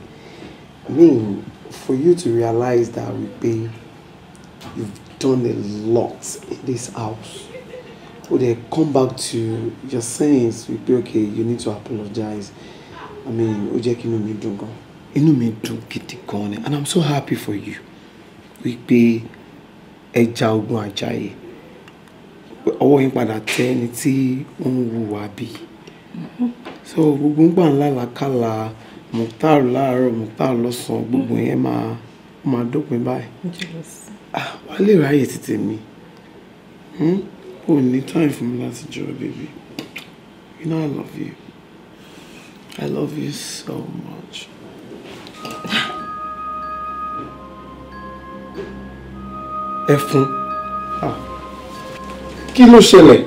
mean, for you to realize that we pay, you've done a lot in this house. Ó they come back to your sense wípé okay you need to apologize. I mean, ó jẹ́ kí inú mi dùn gan. Inú mi dùn gidi and I'm so happy for you. We Wípé ẹja ogun Ajayi ọwọ́ yín padà tẹ ẹni tí ó ń wùwà bí so gbogbo ń ńlá làkàlà Mukhtar láàárọ̀ Mukhtar lọ́sàn-án gbogbo yẹn máa máa dópin báyìí ah, wà á lè ráyè tètè mi ò hmm? ní time fún mi láti jọ baby you know I love you I love you so much. ẹfun. Ah. Qui le sait